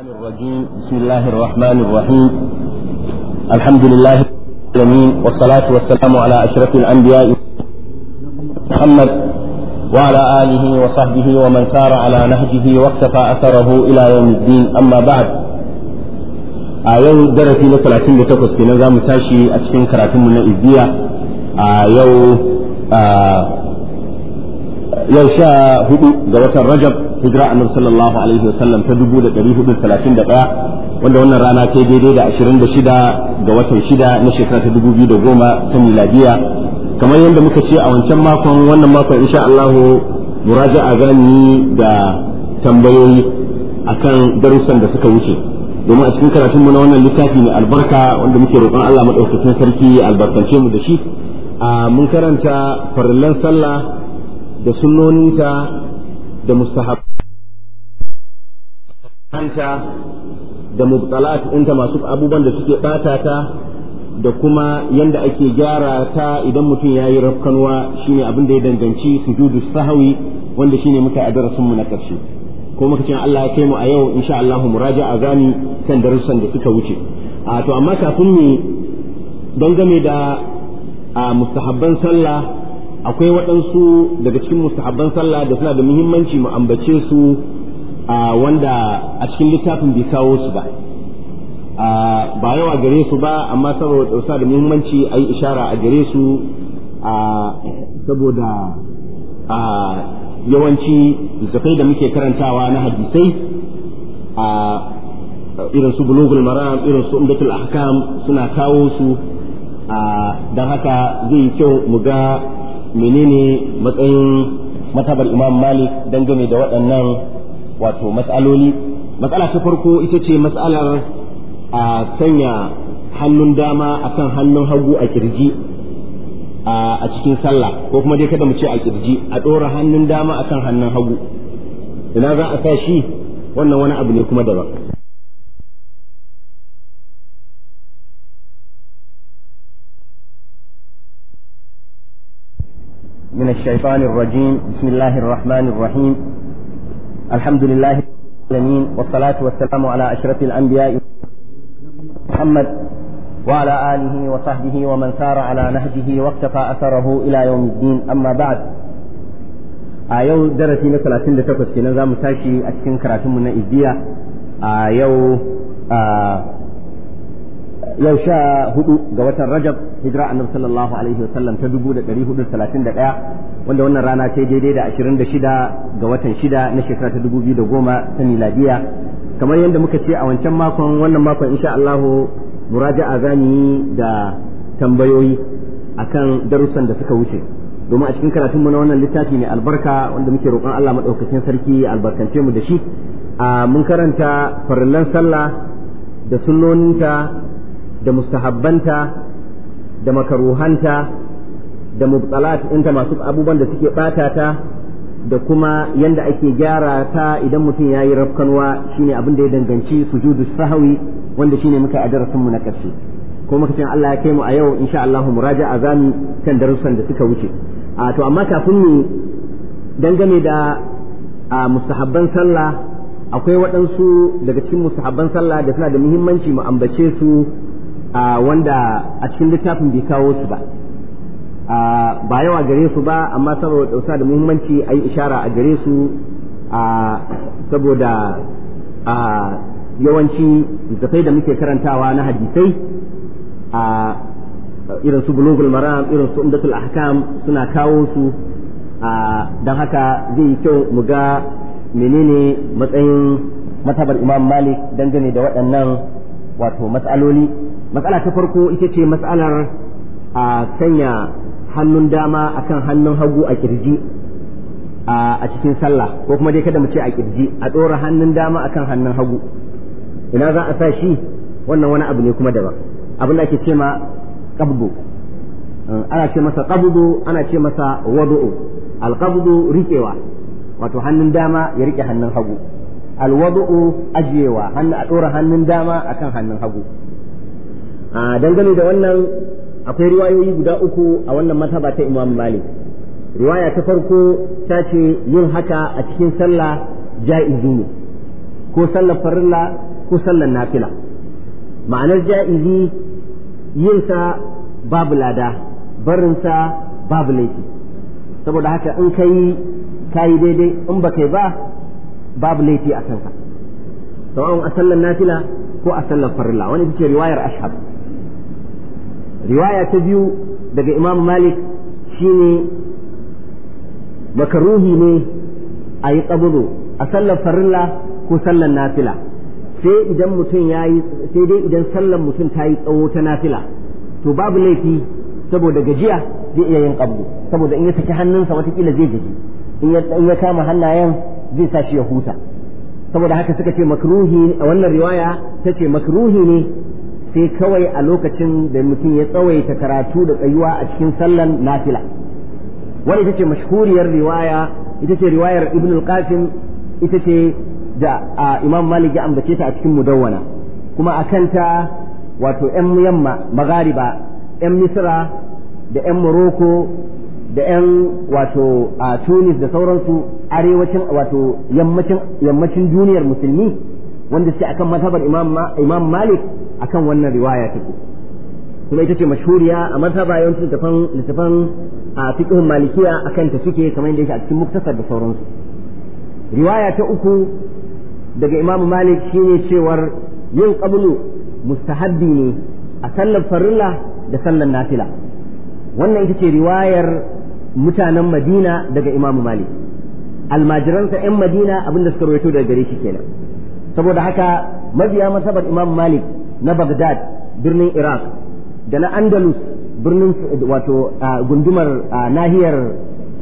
الرجيم بسم الله الرحمن الرحيم الحمد لله العالمين والصلاة والسلام على أشرف الأنبياء محمد وعلى آله وصحبه ومن سار على نهجه واقتفى أثره إلى يوم الدين أما بعد أيوم درسي لثلاثين لتقص في نظام تاشي أتشين كراتم من إزدية أيوم أيوم شاء هدو رجب hijira annabi sallallahu alaihi wasallam ta 1431 wanda wannan rana ta daidai da 26 ga watan 6 na shekara ta 2010 ta miladiya kamar yadda muka ce a wancan makon wannan makon insha Allah muraja'a gani da tambayoyi akan darussan da suka wuce domin a cikin karatun mu na wannan littafi ne albarka wanda muke roƙon Allah madaukakin sarki albarkance mu da shi a mun karanta farillan sallah da ta. da mustahab da mubtalat ɗinta masu abubuwan da suke bata ta da kuma yanda ake gyara ta idan mutum ya yi rafkanwa shine abin da ya danganci sujudu sahawi wanda shine muka a darasin mu na karshe ko muka ce Allah ya kai mu a yau insha Allah mu zani kan darussan da suka wuce a to amma kafin mu dangane da a mustahabban sallah akwai waɗansu daga cikin mustahabban sallah da suna da muhimmanci mu ambace su a wanda a cikin littafin bai kawo su ba ba yawa gare su ba amma saboda suna da muhimmanci a yi ishara a gare su saboda yawanci littattafai da muke karantawa na hadisai a irin su bulugul maram irin su umdatul ahkam suna kawo su don haka zai yi kyau mu ga menene matsayin matabar imam malik dangane da waɗannan wato matsaloli matsala ta farko ita ce matsalar a sanya hannun dama a kan hannun hagu a kirji a cikin sallah ko kuma dai kada mu ce a kirji a ɗora hannun dama a akan hannun hagu ina za a sa shi wannan wani abu ne kuma daban من الشيطان الرجيم بسم الله الرحمن الرحيم الحمد لله العالمين والصلاة والسلام على أشرف الأنبياء محمد وعلى آله وصحبه ومن سار على نهجه واقتفى أثره إلى يوم الدين أما بعد أيو درسي مثلا تند تقص كنا زام تاشي أتكن كراتم من إبديا أيو آه yau sha hudu ga watan rajab hijira annabi sallallahu alaihi wa sallam ta dubu da ɗari hudu talatin da ɗaya wanda wannan rana ce daidai da ashirin da shida ga watan shida na shekara ta dubu biyu da goma ta miladiya kamar yadda muka ce a wancan makon wannan makon insha allahu muraja'a zamu yi da tambayoyi akan darussan da suka wuce domin a cikin karatun mu na wannan littafi ne albarka wanda muke roƙon Allah madaukakin sarki albarkance mu da shi a mun karanta farillan sallah da sunnoninta da mustahabbanta da makaruhanta da mubtalat inta masu abubuwan da suke bata ta da kuma yanda ake gyara ta idan mutum ya yi rafkanwa shine abin da ya danganci sujudu sahawi wanda shine muka a darasin mu na ƙarshe ko muka cin Allah ya kai mu a yau insha Allah raja azami kan darussan da suka wuce a to amma kafin mu dangane da a mustahabban sallah akwai waɗansu daga cikin mustahabban sallah da suna da muhimmanci mu ambace su wanda a cikin littafin bai kawo su ba ba yawa gare su ba amma saboda dausa da muhimmanci a yi ishara a gare su saboda yawanci littafai da muke karantawa na hadisai a irin su bulugul maram irin su umdatul ahkam suna kawo su don haka zai yi kyau mu ga menene matsayin matabar imam malik dangane da waɗannan wato matsaloli matsala ta farko ita ce matsalar a sanya hannun dama akan hannun hagu a kirji a cikin sallah ko kuma dai kada mu ce a kirji a ɗora hannun dama akan hannun hagu ina za a sa shi wannan wani abu ne kuma daban abin da ake ce ma qabdu ana ce masa qabdu ana ce masa wadu'u alƙabdo riƙewa wato hannun dama ya riƙe hannun hagu alwado'o ajiyewa a ɗora hannun dama akan hannun hagu a dangane da wannan akwai riwayoyi guda uku a wannan mataba ta Imam Malik riwaya ta farko ta ce yin haka a cikin sallah ja'izi ne ko sallar farilla ko sallar nafila ma'anar ja'izi yin sa babu lada barin sa babu laifi saboda haka in kai kayi daidai in ba kai ba babu laifi a kanka sawa'un a sallar nafila ko a sallar farilla wani ce riwayar ashab riwaya ta biyu daga imam malik shine makaruhi ne a yi tsabudu a sallar farilla ko sallar nafila sai idan mutum ya yi sai dai idan sallar mutum ta yi tsawo ta nafila to babu laifi saboda gajiya zai iya yin qabdu saboda in ya saki hannunsa watakila zai gaji in ya kama hannayen zai sa shi ya huta saboda haka suka ce makruhi a wannan riwaya ta ce makruhi ne sai kawai a lokacin da mutum ya tsawaita karatu da tsayuwa a cikin sallan nafila wani ita ce mashhuriyar riwaya ita ce riwayar ibn al-qasim ita ce da imam malik ya ambace ta a cikin mudawwana kuma a kanta wato 'yan yamma magariba 'yan misra da 'yan morocco da 'yan wato a tunis da sauransu arewacin wato yammacin duniyar musulmi wanda suke akan mazhabar imam malik akan wannan riwaya take kuma ita ce mashhuriya a mazhaba yawancin littafan littafan a fiqhun malikiya akan ta suke kamar yadda yake a cikin muktasar da sauransu riwaya ta uku daga imam malik shine cewar yin qablu mustahabbi ne a sallar farilla da sallar nafila wannan ita ce riwayar mutanen madina daga imam malik almajiransa 'yan madina abinda suka rawaito daga gare shi kenan saboda haka mabiya masabar imam malik na bagdad birnin iraq da na andalus birnin wato gundumar nahiyar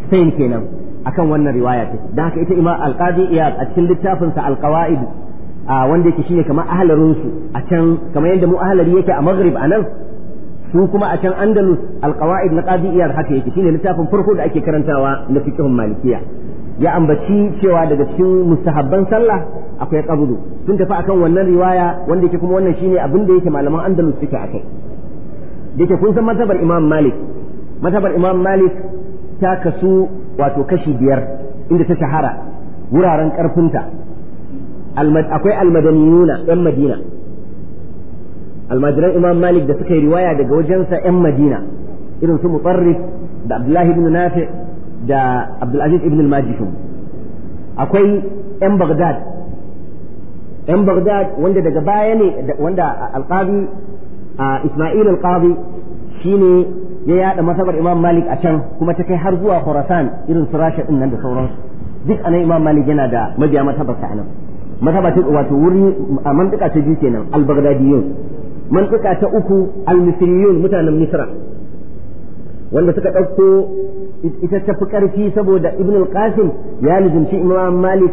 spain kenan akan wannan riwaya ta da haka ita imam alqadi iyad a cikin littafinsa alqawaid wanda yake shine kamar ahlarin su a can kamar yadda mu ahlari yake a maghrib a nan su kuma a can andalus alqawaid na qadi iyad haka yake shine littafin farko da ake karantawa na fiqhun malikiya ya ambaci cewa daga cikin mustahabban sallah akwai qabdu sun tafi akan wannan riwaya wanda yake kuma wannan shine abin da yake malaman andalus suke akai dake kun san matabar imam malik matabar imam malik ta kasu wato kashi biyar inda ta shahara wuraren karfinta akwai almadaniyuna yan madina almajiran imam malik da suka yi riwaya daga wajensa yan madina irin su mutarrif da abdullahi ibn nafi' da Abdulaziz ibn al-Majishum akwai yan Baghdad yan Baghdad wanda daga baya ne wanda alqabi Isma'il al-Qadi shine ya yada masabar Imam Malik a can kuma ta kai har zuwa Khurasan irin su Rasha din nan da sauransu duk anan Imam Malik yana da mabiya masabar sa anan masaba ta wato wuri a mantuka ta biyu kenan al-Baghdadiyun mantuka ta uku al-Misriyun mutanen Misra wanda suka ɗauko ita ta fi ƙarfi saboda ibn al-qasim ya lizimci imam malik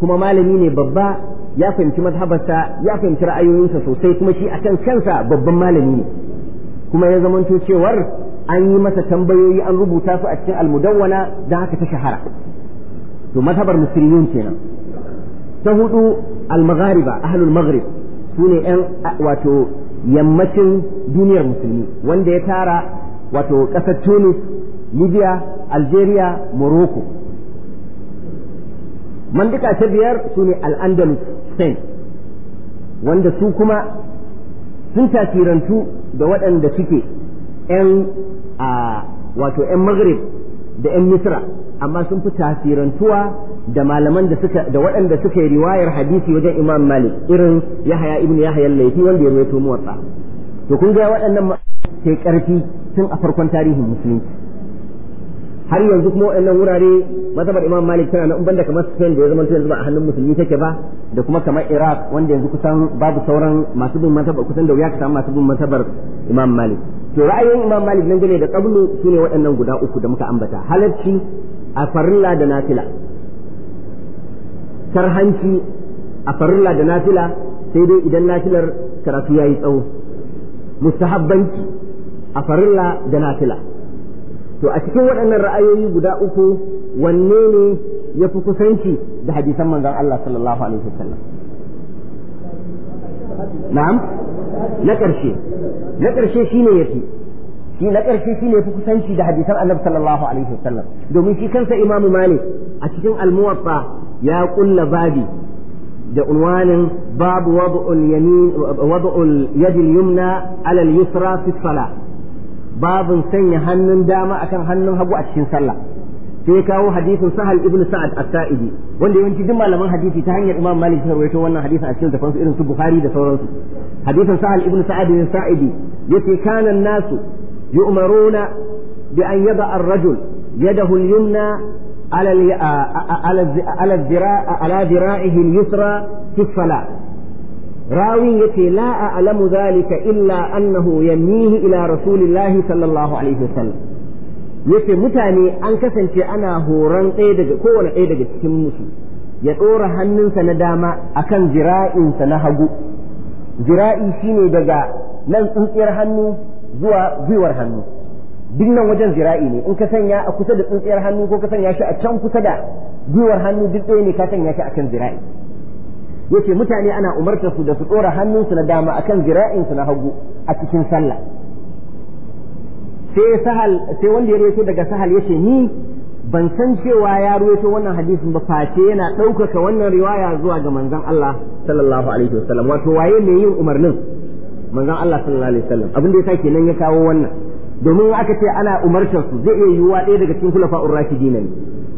kuma malami ne babba ya fahimci mazhabarsa ya fahimci ra'ayoyinsa sosai kuma shi akan kansa babban malami ne kuma ya zamanto cewar an yi masa tambayoyi an rubuta su a cikin almudawwana da haka ta shahara to mazhabar musulmin kenan ta hudu almagariba ahlul maghrib su ne yan wato yammacin duniyar musulmi wanda ya tara wato ƙasar tunis libya algeria morocco mandika ta biyar su ne al'andalus spain wanda su kuma sun tasirantu da waɗanda suke 'yan a wato 'yan maghrib da 'yan misra amma sun fi tasirantuwa da malaman da suka da waɗanda suka yi riwayar hadisi wajen imam malik irin yahaya ibn yahaya laifi wanda ya rawaito muwatta to kun ga waɗannan ke ƙarfi tun a farkon tarihin musulunci har yanzu kuma waɗannan wurare mazhabar Imam Malik tana nan banda kamar Spain da ya zama yanzu ba a hannun musulmi take ba da kuma kamar Iraq wanda yanzu kusan babu sauran masu bin mazhabar kusan da wuya ka samu masu bin mazhabar Imam Malik to ra'ayin Imam Malik nan gane da qablu sune waɗannan guda uku da muka ambata halacci a farilla da nafila karhanci a farilla da nafila sai dai idan nafilar karatu yayi tsawo mustahabbanci a farilla da nafila to a cikin waɗannan ra'ayoyi guda uku wanne ne ya fi kusanci da hadisan manzon Allah sallallahu alaihi wasallam na'am na ƙarshe na ƙarshe shine fi shi na ƙarshe shine fi kusanci da hadisan Annabi sallallahu alaihi wasallam domin shi kansa Imam Malik a cikin Al-Muwatta ya kulla babi da unwanin babu wad'ul yamin wad'ul yad al-yumna ala al-yusra fi salat babin sanya hannun dama akan hannun hagu a cikin sallah sai ya kawo hadisin sahal ibn sa'ad as-sa'idi wanda yawanci duk malaman hadisi ta hanyar imam malik sun rawaito wannan hadisin a cikin zafansu irin su bukhari da sauransu hadisin sahal ibn sa'ad bin saidi yace kana nasu yu'maruna bi an yada ar-rajul yadahu al-yumna ala ala ala dhira'ihi al-yusra fi as-salah rawin yace la a'lamu zalika illa annahu yamihi ila rasulillahi sallallahu alaihi wasallam yace mutane an kasance ana horon ɗaya daga kowane ɗaya daga cikin musu ya ɗora hannunsa na dama akan jira'insa na hagu jira'i shine daga nan tsintsiyar hannu zuwa gwiwar hannu duk nan wajen jira'i ne in ka sanya a kusa da tsintsiyar hannu ko ka sanya shi a can kusa da gwiwar hannu duk ɗaya ne ka sanya shi akan jira'i. yace mutane ana umartar su da su tsora hannunsu na dama akan su na hagu a cikin sallah sai sahal sai wanda ya rawaito daga sahal yace ni ban san cewa ya rawaito wannan hadisin ba face yana ɗaukaka wannan riwaya zuwa ga manzon Allah sallallahu alaihi wasallam wato waye mai yin umarnin manzon Allah sallallahu alaihi wasallam abin da sake nan ya kawo wannan domin aka ce ana umartar su zai iya yiwuwa ɗaya daga cikin kulafa'ur rashidina ne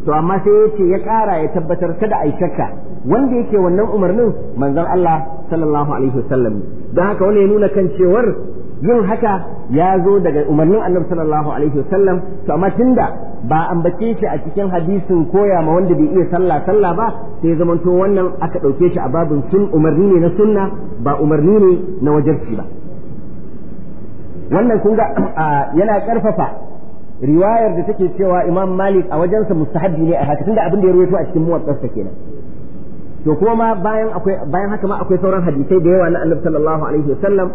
to amma sai ya ce ya kara ya tabbatar kada ai shakka wanda yake wannan umarnin manzon Allah sallallahu alaihi wasallam don haka wani ya nuna kan cewar yin haka ya zo daga umarnin annabi sallallahu alaihi wasallam to amma tunda ba ambace shi a cikin hadisin koya ma wanda bai iya sallah sallah ba sai zamanto wannan aka ɗauke shi a babin sun umarni ne na sunna ba umarni ne na wajarci ba wannan kun ga yana ƙarfafa riwayar da take cewa imam malik a wajensa mustahabbi ne a haka tunda abin da ya ruwaito a cikin muwattasa kenan to kuma ma bayan akwai bayan haka ma akwai sauran hadisai da yawa na annabi sallallahu alaihi wasallam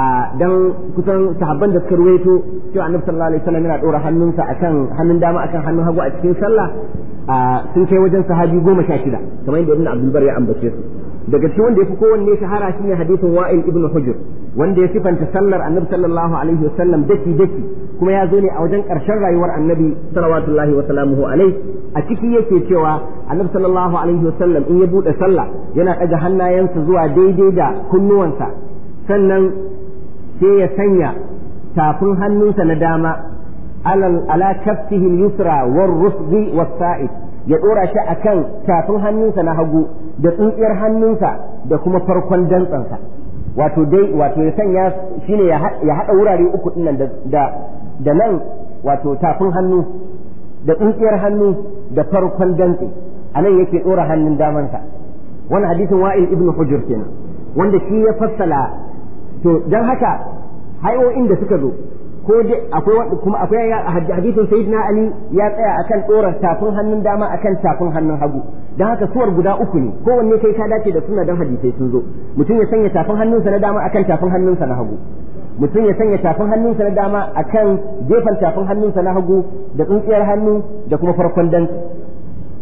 a dan kusan sahabban da suka ruwaito cewa annabi sallallahu alaihi wasallam yana dora hannunsa akan hannun dama akan hannun hagu a cikin sallah sun kai wajen sahabi goma sha shida kamar yadda ibn abdul bar ya ambace su daga cikin wanda yafi kowanne shahara shine hadisin wa'il ibn hujr wanda ya sifanta sallar annabi sallallahu alaihi wasallam daki daki kuma ya zo ne a wajen ƙarshen rayuwar annabi salawatullahi wa salamuhu alaihi a ciki yake cewa annabi sallallahu alaihi wasallam in ya bude sallah yana ɗaga hannayensa zuwa daidai da kunnuwansa sannan sai ya sanya tafin hannunsa na dama ala kaffihi yusra war rusdi ya dora shi akan tafin hannunsa na hagu da tsintsiyar hannunsa da kuma farkon dantsansa wato dai wato ya sanya shine ya haɗa wurare uku ɗinnan da nan wato tafin hannu da tsintsiyar hannu da farkon dantse a nan yake ɗora hannun damansa wani hadisin wa'il ibn hujr kenan wanda shi ya fassala to don haka hayoyin da suka zo ko dai akwai wanda kuma akwai hadisin sayyidina ali ya tsaya akan ɗora tafin hannun dama akan tafin hannun hagu da haka suwar guda uku ne kowanne kai ta dace da suna dan hadisai sun zo mutum ya sanya tafin hannunsa na dama akan tafin hannunsa na hagu mutum ya sanya tafin hannunsa na dama akan gefen tafin hannunsa na hagu da tsintsiyar hannu da kuma farkon dantsi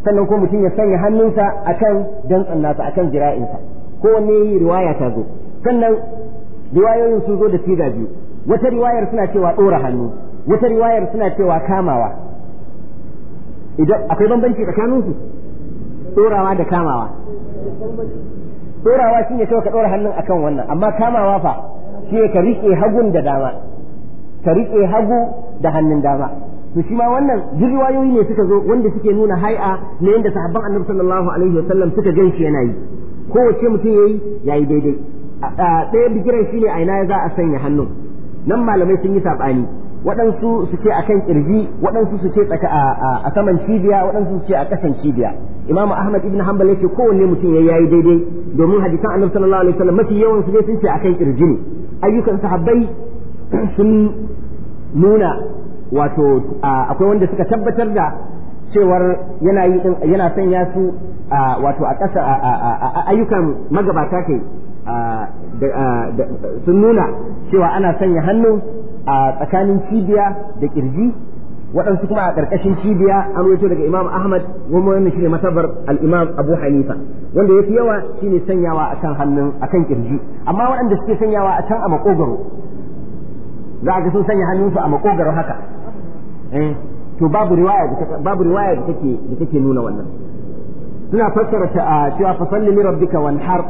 sannan ko mutum ya sanya hannunsa akan dantsan nasa akan jira'insa kowanne riwaya ta zo sannan riwayoyin sun zo da siga biyu wata riwayar suna cewa ɗora hannu wata riwayar suna cewa kamawa idan akwai bambanci tsakaninsu ɗorawa da kamawa ɗorawa shine kawai ka ɗora hannun akan wannan amma kamawa fa ne ka riƙe hagun da dama ka riƙe hagu da hannun dama to shi ma wannan duk riwayoyi ne suka zo wanda suke nuna hai'a na yadda sahabban annabi sallallahu alaihi wasallam suka gan shi yana yi kowace mutum yayi yayi daidai ɗaya bigiran shine a ina za a sanya hannun nan malamai sun yi saɓani waɗansu su ce akan kirji waɗansu su ce a saman cibiya waɗansu su ce a ƙasan cibiya imam ahmad ibn hanbal ce kowanne mutum ya yayi daidai domin hadisan annabi sallallahu alaihi wasallam mafi yawan su ne sun ce kan kirji ne ayyukan sahabbai sun nuna wato akwai wanda suka tabbatar da cewar yana yi yana sanya su wato a ƙasa ayyukan magabata ke sun nuna cewa ana sanya hannu a tsakanin cibiya da kirji waɗansu kuma a ƙarƙashin cibiya an rawaito daga Imam Ahmad wani wannan shine matabar al Abu Hanifa wanda ya fi yawa shine sanyawa a akan hannun kan kirji amma waɗanda suke sanyawa a can a makogaro za a ga sun sanya hannunsu a makogaro haka eh, to babu riwaya da babu riwaya da take da take nuna wannan suna fassara ta cewa fasalli li rabbika wanhar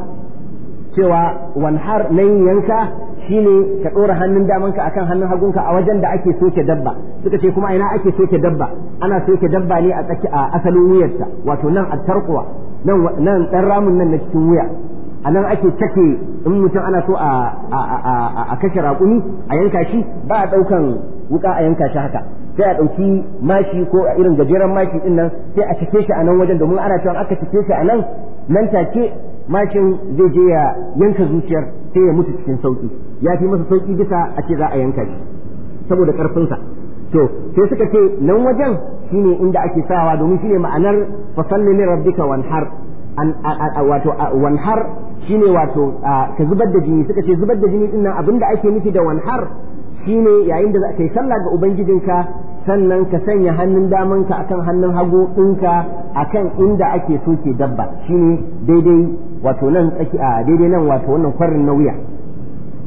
cewa wanhar nan yanka Shi ne ka ɗora hannun damanka akan hannun hagunka a wajen da ake soke dabba suka ce kuma ina ake soke dabba ana soke dabba ne a tsaki a asalin wuyarta wato nan a tarkuwa nan nan ramun nan na cikin wuya a nan ake cake in mutum ana so a kashe raƙumi a yanka shi ba a ɗaukan wuka a yanka shi haka sai a ɗauki mashi ko a irin gajeren mashi ɗin nan sai a cike shi a nan wajen domin ana cewa aka cike shi a nan nan take mashin zai je ya yanka zuciyar sai ya mutu cikin sauki ya fi masa sauki bisa a ce za a yanka shi saboda karfinsa to sai suka ce nan wajen shine inda ake sawa domin shine ma'anar fasalli li rabbika wanhar an wato wanhar shine wato ka zubar da jini suka ce zubar da jini din nan abinda ake nufi da wanhar shine yayin da kai sallah ga ubangijinka sannan ka sanya hannun damanka akan hannun hagu ɗinka akan inda ake soke dabba shine daidai wato nan tsaki a daidai nan wato wannan kwarin na wuya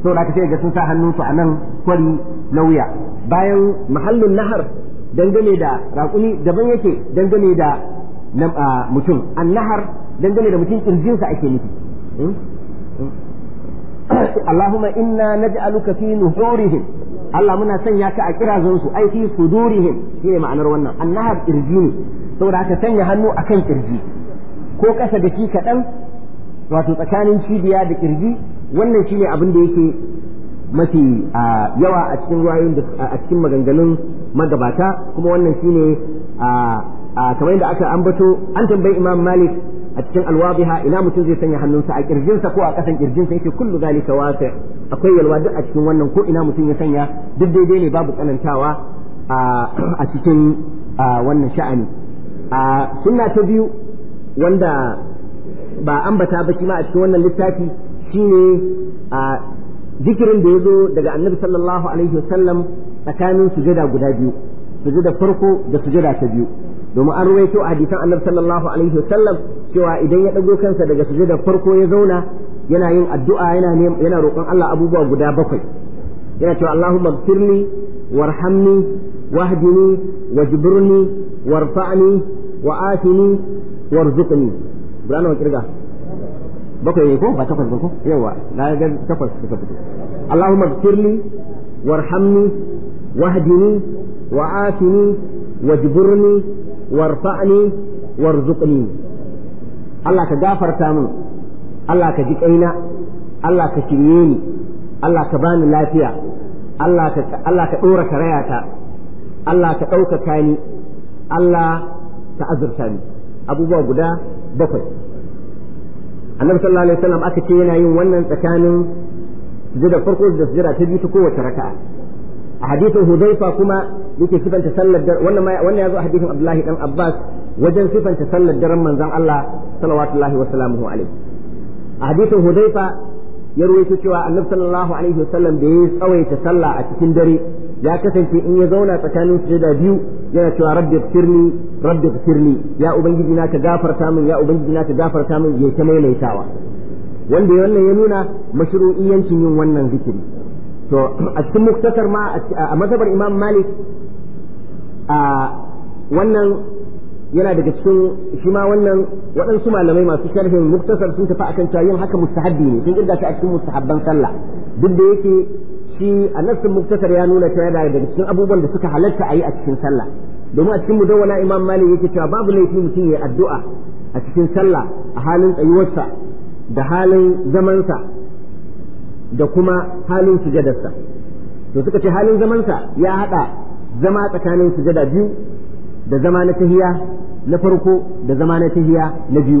da aka sai ga sun sa hannun su a nan kwari na wuya bayan mahallin nahar dangane da raƙumi daban yake dangane da mutum an nahar dangane da mutum kirjinsa ake nufi hmm? Hmm? Allahumma inna naj'aluka fi nuhurihim Allah muna sanya ka a kirazon su ai fi sudurihim shine ma'anar wannan annahar kirji ne saboda haka sanya hannu akan kirji ko kasa da shi kaɗan wato tsakanin cibiya da kirji wannan shine abin da yake mafi yawa a cikin ruwayoyin a cikin maganganun magabata kuma wannan shine kamar yadda aka ambato an tambayi Imam Malik a cikin alwabiha ina mutum zai sanya hannunsa a kirjinsa ko a kasan kirjinsa yake kullu zalika wasi' akwai yalwa duk a cikin wannan ko ina mutum ya sanya duk daidai ne babu tsanantawa a cikin wannan sha'ani a sunna ta biyu wanda ba ambata ba shi ma a cikin wannan littafi shine a zikirin da ya zo daga annabi sallallahu alaihi wasallam tsakanin sujada guda biyu sujada farko da sujada ta biyu domin an ruwaito a hadisan annabi sallallahu alaihi wasallam cewa idan ya ɗago kansa daga sujada farko ya zauna yana yin addu'a yana yana roƙon Allah abubuwa guda bakwai yana cewa Allahumma ighfirli warhamni wahdini wajburni warfa'ni wa'afini warzuqni burana kirga bakwai ko ba takwas ba ko yawa na ga takwas suka fito Allahumma warhamni wahdini wajburni warfa'ni warzuqni Allah ka gafarta mun Allah ka ji kaina Allah ka shirye ni Allah ka bani lafiya Allah ka ɗora ka dora karayata Allah ka ɗaukaka ni Allah ka azurta ni abubuwa guda bakwai annabi sallallahu alaihi wasallam aka ce yana yin wannan tsakanin sujada farko da sujada ta biyu ta kowace raka'a a hadithin hudaifa kuma yake sifanta sallar wannan wannan ya a hadithin abdullahi dan abbas wajen sifanta sallar daren manzon Allah sallallahu alaihi wasallam a hadisin hudaifa ya ruwaito cewa annabi sallallahu alaihi wasallam da ya tsawaita sallah a cikin dare ya kasance in ya zauna tsakanin sujada biyu yana cewa rabbi firni rabbi firni ya ubangiji na ka gafarta min ya ubangiji na ka gafarta min ya ta maimaitawa wanda wannan ya nuna mashru'iyancin yin wannan zikiri to a cikin muktasar ma a mazhabar imam malik a wannan yana daga cikin shi ma wannan waɗansu malamai masu sharhin muktasar sun tafi akan cewa yin haka mustahabbi ne sun kirga shi a cikin mustahabban sallah duk da yake shi a nassin muktasar ya nuna cewa yana daga cikin abubuwan da suka halatta a yi a cikin sallah domin a cikin mudawwana imam malik yake cewa babu laifi mutum ya addu'a a cikin sallah a halin tsayuwarsa da halin zamansa da kuma halin sujadarsa to suka ce halin zamansa ya haɗa zama tsakanin sujada biyu da zama na tahiya na farko da zama na tahiya na biyu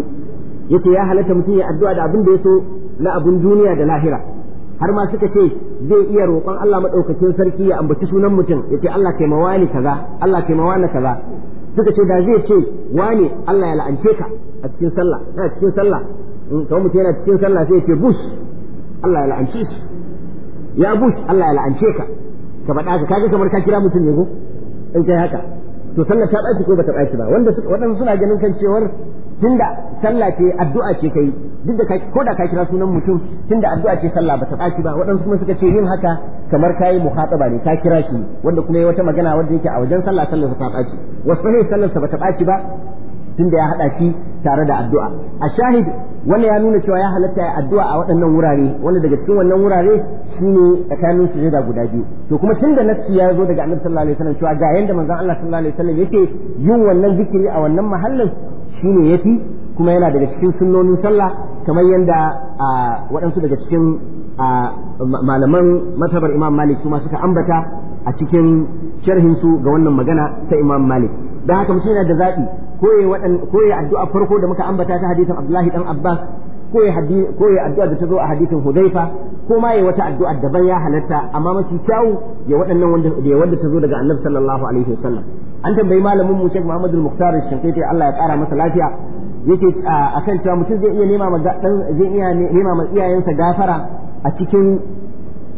yace ya halatta mutum ya addu'a da abin da ya so na abun duniya da lahira har ma suka ce zai iya roƙon Allah madaukakin sarki ya ambaci sunan mutum yace Allah kai wani kaza Allah kai wani kaza suka ce da zai ce wani Allah ya la'ance ka a cikin sallah na cikin sallah in kawai mutum yana cikin sallah sai ya ce bush Allah ya la'ance shi ya bush Allah ya la'ance ka ka faɗa ka kaga kamar ka kira mutum ne ko in kai haka to sallar ta ɓaci ko bata ɓaci ba wanda waɗansu suna ganin kan cewar tunda sallah ce addu'a ce kai duk da ko da ka kira sunan mutum tunda addu'a ce sallah bata ɓaci ba waɗansu kuma suka ce yin haka kamar kayi muhataba ne ka kira shi wanda kuma yi wata magana wanda yake a wajen sallah sallar ta ɓaci wasu ne sallar sa bata ɓaci ba tunda ya haɗa shi tare da addu'a a shahid wannan ya nuna cewa ya halatta ya addu'a a waɗannan wurare wanda daga cikin wannan wurare shine tsakanin sujada guda biyu to kuma tunda nassi ya zo daga annabi sallallahu alaihi wasallam cewa ga yanda manzon Allah sallallahu alaihi wasallam yake yin wannan zikiri a wannan mahallin shine yafi kuma yana daga cikin sunnonin sallah kamar yanda waɗansu daga cikin malaman matabar imam malik su suka ambata a cikin sharhinsu ga wannan magana ta imam malik don haka mutum yana da zaɓi ko koye addu'a farko da muka ambata ta hadisin Abdullahi dan Abbas ko koye addu'a da ta zo a hadisin Hudaifa ko ma ya wata addu'a daban ya halatta amma mafi kyau ya waɗannan wanda ya wanda ta zo daga Annabi sallallahu alaihi wasallam an tambayi malamin mu Sheikh Muhammadul al-Mukhtar Allah ya kara masa lafiya yake akan cewa mutum zai iya nema zai iya nema ma iyayensa gafara a cikin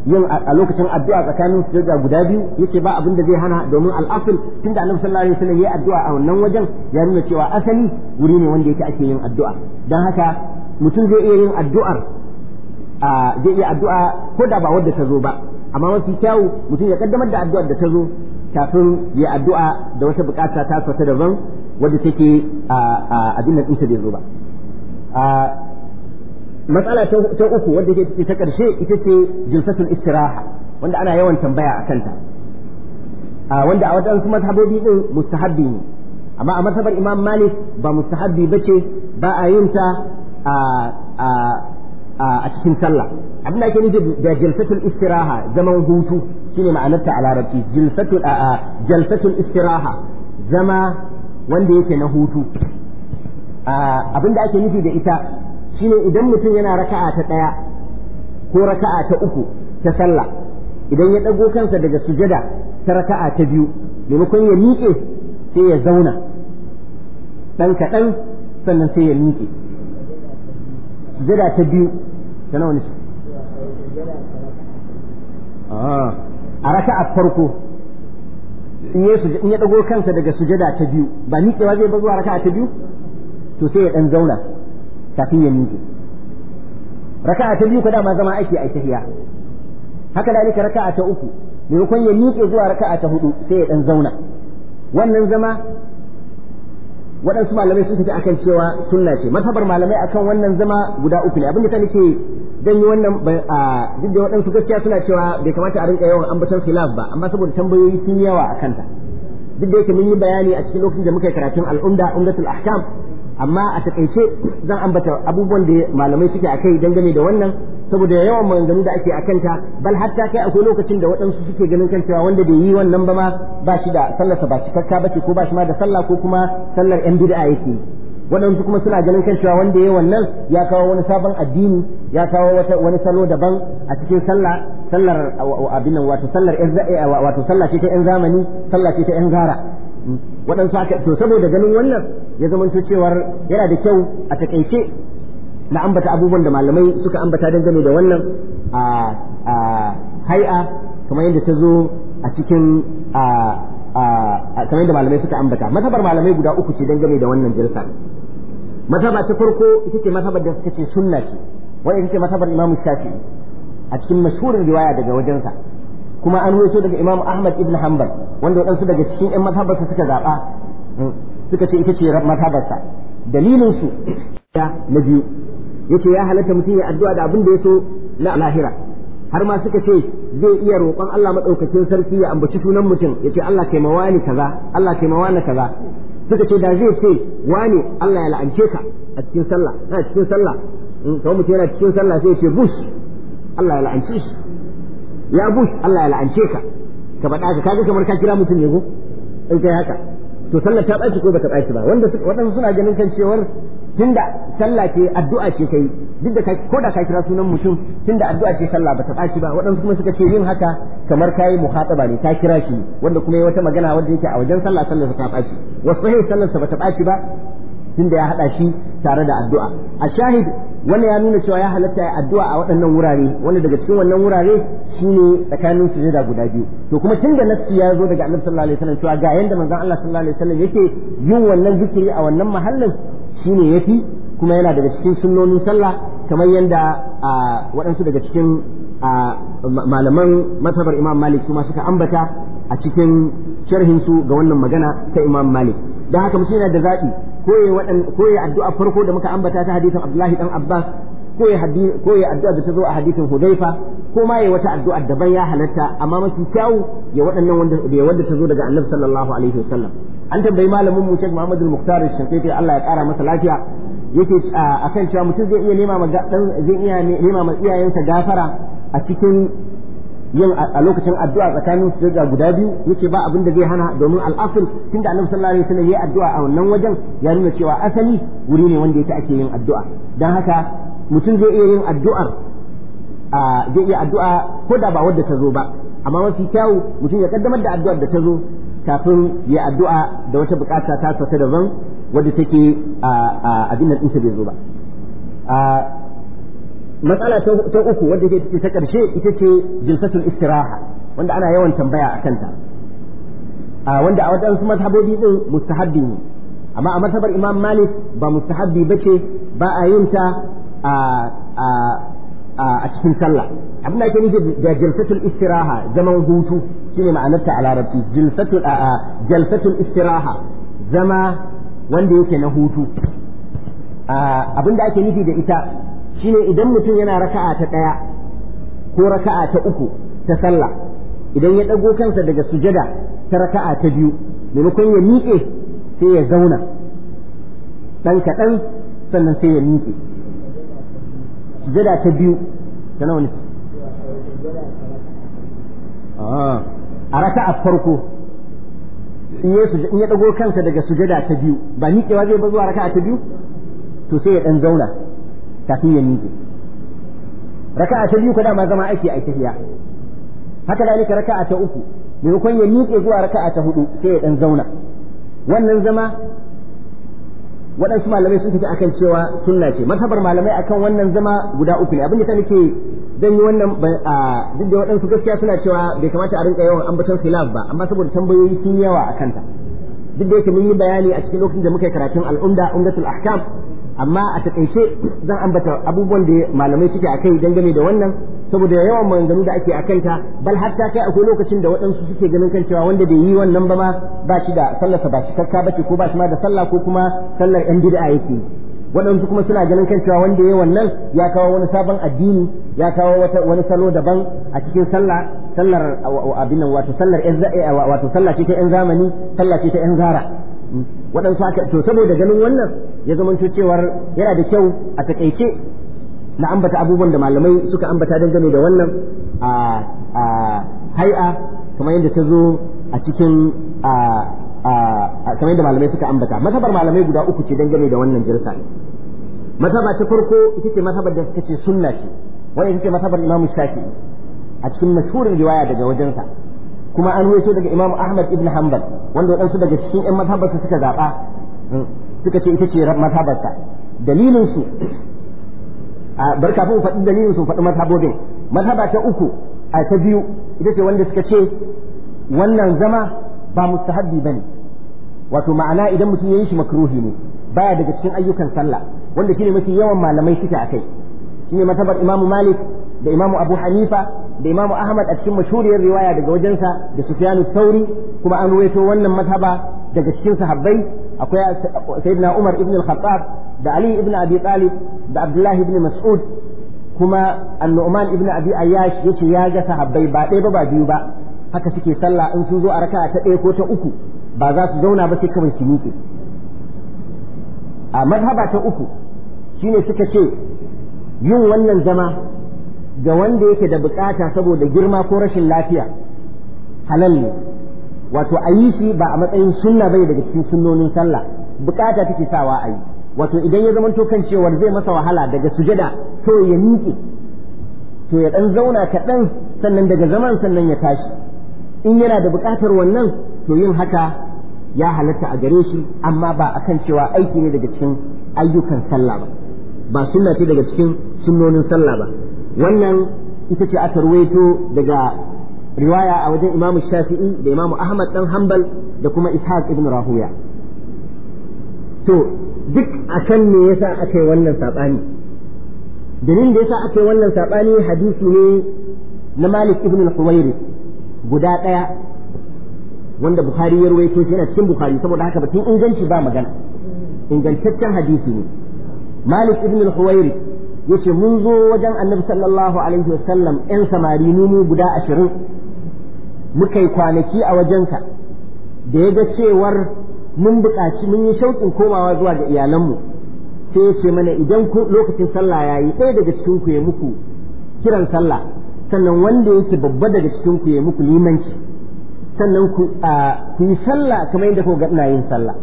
yin a lokacin addu'a tsakanin sujada guda biyu yace ba abin da zai hana domin al'asul tunda annabi sallallahu alaihi wasallam yayi addu'a a wannan wajen ya nuna cewa asali wuri ne wanda yake ake yin addu'a dan haka mutum zai iya yin addu'ar zai iya addu'a ko da ba wadda ta zo ba amma mafi kyawu mutum ya kaddamar da addu'ar da ta zo kafin ya addu'a da wata bukata ta ta daban wadda take abin nan ɗinta bai zo ba matsala ta uku wadda ke ta ƙarshe ita ce jalsatun istiraha wanda ana yawan tambaya a kanta a wanda a waɗansu mazhabobi din mustahabbi ne amma a mazhabar imam malik ba mustahabbi ba ce ba a yin ta a cikin sallah abin da ake nufi da jalsatun istiraha zaman hutu shine ma'anarta a larabci jalsatun jalsatul istiraha zama wanda yake na hutu abin da ake nufi da ita shine idan mutum yana raka'a ta ɗaya ko raka'a ta uku ta sallah idan ya ɗago kansa daga sujada ta raka'a ta biyu maimakon ya miƙe sai ya zauna ɗan kaɗan sannan sai ya miƙe sujada ta biyu ta nawa ne ah, a raka'a farko in ya ɗago kansa daga sujada ta biyu ba miƙewa zai ba zuwa raka'a ta biyu to sai ya ɗan zauna kafin ya miƙe raka'a ta biyu ko dama zama ake ai tahiya haka dalika raka'a ta uku maimakon ya miƙe zuwa raka'a ta hudu sai ya dan zauna wannan zama waɗansu malamai sun tafi akan cewa sunna ce mazhabar malamai akan wannan zama guda uku ne abin da ta nake zan yi wannan a duk da waɗansu gaskiya suna cewa bai kamata a rinka yawan ambaton khilaf ba amma saboda tambayoyi sun yawa a kanta duk da yake mun yi bayani a cikin lokacin da muka yi karatun al'umda umdatul ahkam amma a taƙaice zan ambata abubuwan da malamai suke akai dangane da wannan saboda yawan maganganu da ake akanta bal hatta kai akwai lokacin da waɗansu suke ganin kan cewa wanda bai yi wannan ba ma ba shi da sallarsa ba shi kakka bace ko ba shi ma da sallah ko kuma sallar yan bid'a yake waɗansu kuma suna ganin kan cewa wanda ya wannan ya kawo wani sabon addini ya kawo wani salo daban a cikin sallah sallar abin nan wato sallar eh, wato sallah ce ta yan zamani sallah ce ta yan gara waɗansu aka to saboda ganin wannan ya zamanto cewar yana da kyau a takaice na ambata abubuwan da malamai suka ambata dangane da wannan a hai'a kamar yadda ta zo a cikin kamar yadda malamai suka ambata mazhabar malamai guda uku ce dangane da wannan jirsa mazhaba ta farko ita ce mazhabar da suka ce sunna ce wanda ita ce mazhabar imamu shafi'i a cikin mashhurin riwaya daga wajensa kuma an rawaito daga imamu ahmad ibn hanbal wanda waɗansu daga cikin yan mazhabarsa suka zaɓa hmm. suka ce ita ce mazhabarsa dalilin su na biyu yace ya halatta mutum ya addu'a da abin da ya so na lahira har ma suka ce zai iya roƙon Allah maɗaukacin sarki ya ambaci sunan mutum yace Allah kai ma kaza Allah kai ma kaza suka ce da zai ce wani Allah ya la'ance ka a cikin sallah na cikin sallah kawo mutum yana cikin sallah sai ya ce bush Allah ya la'ance shi ya bush Allah ya la'ance ka ka faɗa ka kaga kamar ka kira mutum ne ko in kai haka to sallar ta ɓaci ko bata ɓaci ba wanda waɗansu suna ganin kan cewar tunda sallah ce addu'a ce kai duk da ko da ka kira sunan mutum tunda addu'a ce sallah bata ɓaci ba waɗansu kuma suka ce yin haka kamar kai muhataba ne ta kira shi wanda kuma yi wata magana wanda yake a wajen sallah sallar ta ɓaci wasu sahih sallar sa bata ɓaci ba tunda ya hada shi tare da addu'a a shahid wanda ya nuna cewa ya halatta ya addu'a a waɗannan wurare wanda daga cikin wannan wurare shine tsakanin sujada guda biyu to kuma tunda nassi ya zo daga annabi sallallahu alaihi wasallam cewa ga yanda manzon Allah sallallahu alaihi wasallam yake yin wannan zikiri a wannan mahallin shine yafi kuma yana daga cikin sunnonin sallah kamar yanda waɗansu daga cikin malaman mazhabar Imam Malik kuma suka ambata a cikin sharhinsu ga wannan magana ta Imam Malik da haka mutum yana da zaɓi ko ya addu'a farko da muka ambata ta hadisin Abdullahi dan Abbas ko ya addu'a da ta zo a hadisin Hudaifa ko ma ya wata addu'a daban ya halatta amma mafi kyawu ya waɗannan wanda wanda ta zo daga Annabi sallallahu alaihi wasallam an tambayi malamin mu Sheikh Muhammad al-Muqtar al-Shafiqi Allah ya kara masa lafiya yake akan cewa mutum zai iya nema zai iya nema ma iyayensa gafara a cikin yin a lokacin addu'a tsakanin da guda biyu yace ba abin da zai hana domin al'asul tunda annabi sallallahu alaihi wasallam yayi addu'a a wannan wajen ya nuna cewa asali wuri ne wanda yake ake yin addu'a dan haka mutum zai iya yin addu'ar a zai iya addu'a ko da ba wadda ta zo ba amma mafi kyawu mutum ya kaddamar da addu'ar da ta zo kafin ya addu'a da wata bukata ta da daban wadda take a abin nan ɗinsa bai zo ba matsala ta uku wadda ke ta ƙarshe ita ce jilsatul istiraha wanda ana yawan tambaya a kanta a wanda a wadansu mazhabobi din mustahabbi ne amma a mazhabar imam malik ba mustahabbi bace ba a yin ta a cikin sallah abin da ake nufi da jilsatul istiraha zaman hutu shine ma'anarta a larabci jilsatul jalsatul istiraha zama wanda yake na hutu abin da ake nufi da ita shine idan mutum yana raka'a ta ɗaya ko raka'a ta uku ta sallah idan ya ɗago kansa daga sujada ta raka'a ta biyu maimakon ya miƙe sai ya zauna ɗan kaɗan sannan sai ya miƙe sujada ta biyu ta nawa ne ah, a raka'a farko in ya ɗago kansa daga sujada ta biyu ba miƙewa zai ba zuwa raka'a ta biyu to sai ya ɗan zauna kafin ya miƙe raka'a ta biyu ko dama zama ake a tahiya haka dalika raka'a ta uku maimakon ya miƙe zuwa raka'a ta hudu sai ya dan zauna wannan zama waɗansu malamai sun tafi akan cewa sunna ce mazhabar malamai akan wannan zama guda uku ne abin da ta nake dan yi wannan a duk da waɗansu gaskiya suna cewa bai kamata a rinka yawan ambaton khilaf ba amma saboda tambayoyi sun yawa a kanta duk da yake mun yi bayani a cikin lokacin da muka yi karatun al'umda umdatul ahkam amma a takaice zan ambata abubuwan da malamai suke akai dangane da wannan saboda yawan maganganu da ake ta bal hatta kai akwai lokacin da waɗansu suke ganin kan cewa wanda bai yi wannan ba ma ba shi da sa ba shi kakka bace ko ba shi ma da sallah ko kuma sallar yan bid'a yake waɗansu kuma suna ganin kan cewa wanda yayi wannan ya kawo wani sabon addini ya kawo wani salo daban a cikin sallah sallar abin nan wato sallar wato sallah ce ta yan zamani sallah ce ta yan zara waɗansu aka to saboda ganin wannan ya zama cewar yana da kyau a takaice na ambata abubuwan da malamai suka ambata dangane da wannan a hai'a kamar yadda ta zo a cikin kamar yadda malamai suka ambata mazhabar malamai guda uku ce dangane da wannan jirsa mazhaba ta farko ita ce mazhabar da suka ce sunna ce wannan ita ce mazhabar imamu shafi a cikin mashhurin riwaya daga wajensa kuma an ruwaito daga imamu ahmad ibn hanbal wanda waɗansu daga cikin 'yan mazhabarsa suka zaɓa hmm. suka ce ita ce mazhabarsa dalilin su bar kafin faɗi dalilin su faɗi mazhabobin mazhaba ta uku a ta biyu ita ce wanda suka ce wannan zama ba mustahabbi bane wato ma'ana idan mutum yayi shi makruhi ne baya daga cikin ayyukan sallah wanda shine mafi yawan malamai suke akai shine mazhabar Imam Malik da Imam Abu Hanifa da Imam Ahmad a cikin mashuriyar riwaya daga wajensa da sufiyanu Thauri kuma an ruwaito wannan mazhaba daga cikin sahabbai akwai sayyidina Umar ibn al-Khattab da Ali ibn Abi Talib da Abdullah ibn Mas'ud kuma An-Nu'man ibn Abi Ayyash yace ya ga sahabbai ba ɗaya ba ba biyu ba haka suke sallah in sun zo a raka'a ta ɗaya ko ta uku ba za su zauna ba sai kawai su miƙe a madhaba ta uku shine suka ce yin wannan zama ga wanda yake da bukata saboda girma ko rashin lafiya halal ne wato a yi shi ba a matsayin sunna bai daga cikin sunnonin sallah bukata take sawa a yi wato idan ya zamanto kan cewar zai masa wahala daga sujada to ya miƙe to ya dan zauna kaɗan sannan daga zaman sannan ya tashi in yana da bukatar wannan to yin haka ya halatta a gare shi amma ba kan cewa aiki ne daga cikin ayyukan sallah ba ba sunna ce daga cikin sunnonin sallah ba wannan ita ce aka ruwaito daga riwaya a wajen Imam Shafi'i da Imam Ahmad dan Hanbal da kuma Ishaq ibn Rahuya to duk akan me yasa aka yi wannan sabani dalilin da yasa aka yi wannan sabani hadisi ne na Malik ibn al-Huwairi guda daya wanda Bukhari ya ruwaito shi yana cikin Bukhari saboda haka batun inganci ba magana ingantaccen hadisi ne Malik ibn al-Huwairi yace mun zo wajen Annabi sallallahu alaihi wasallam samari mu guda ashirin muka yi kwanaki a wajenka da ya ga cewar mun buƙaci mun yi shauƙin komawa zuwa ga iyalanmu sai ya ce mana idan lokacin sallah ya yi ɗaya daga cikinku ya muku kiran sallah sannan wanda yake babba daga cikin ku ya muku limanci sannan ku yi sallah kamar yadda kuka ga yin sallah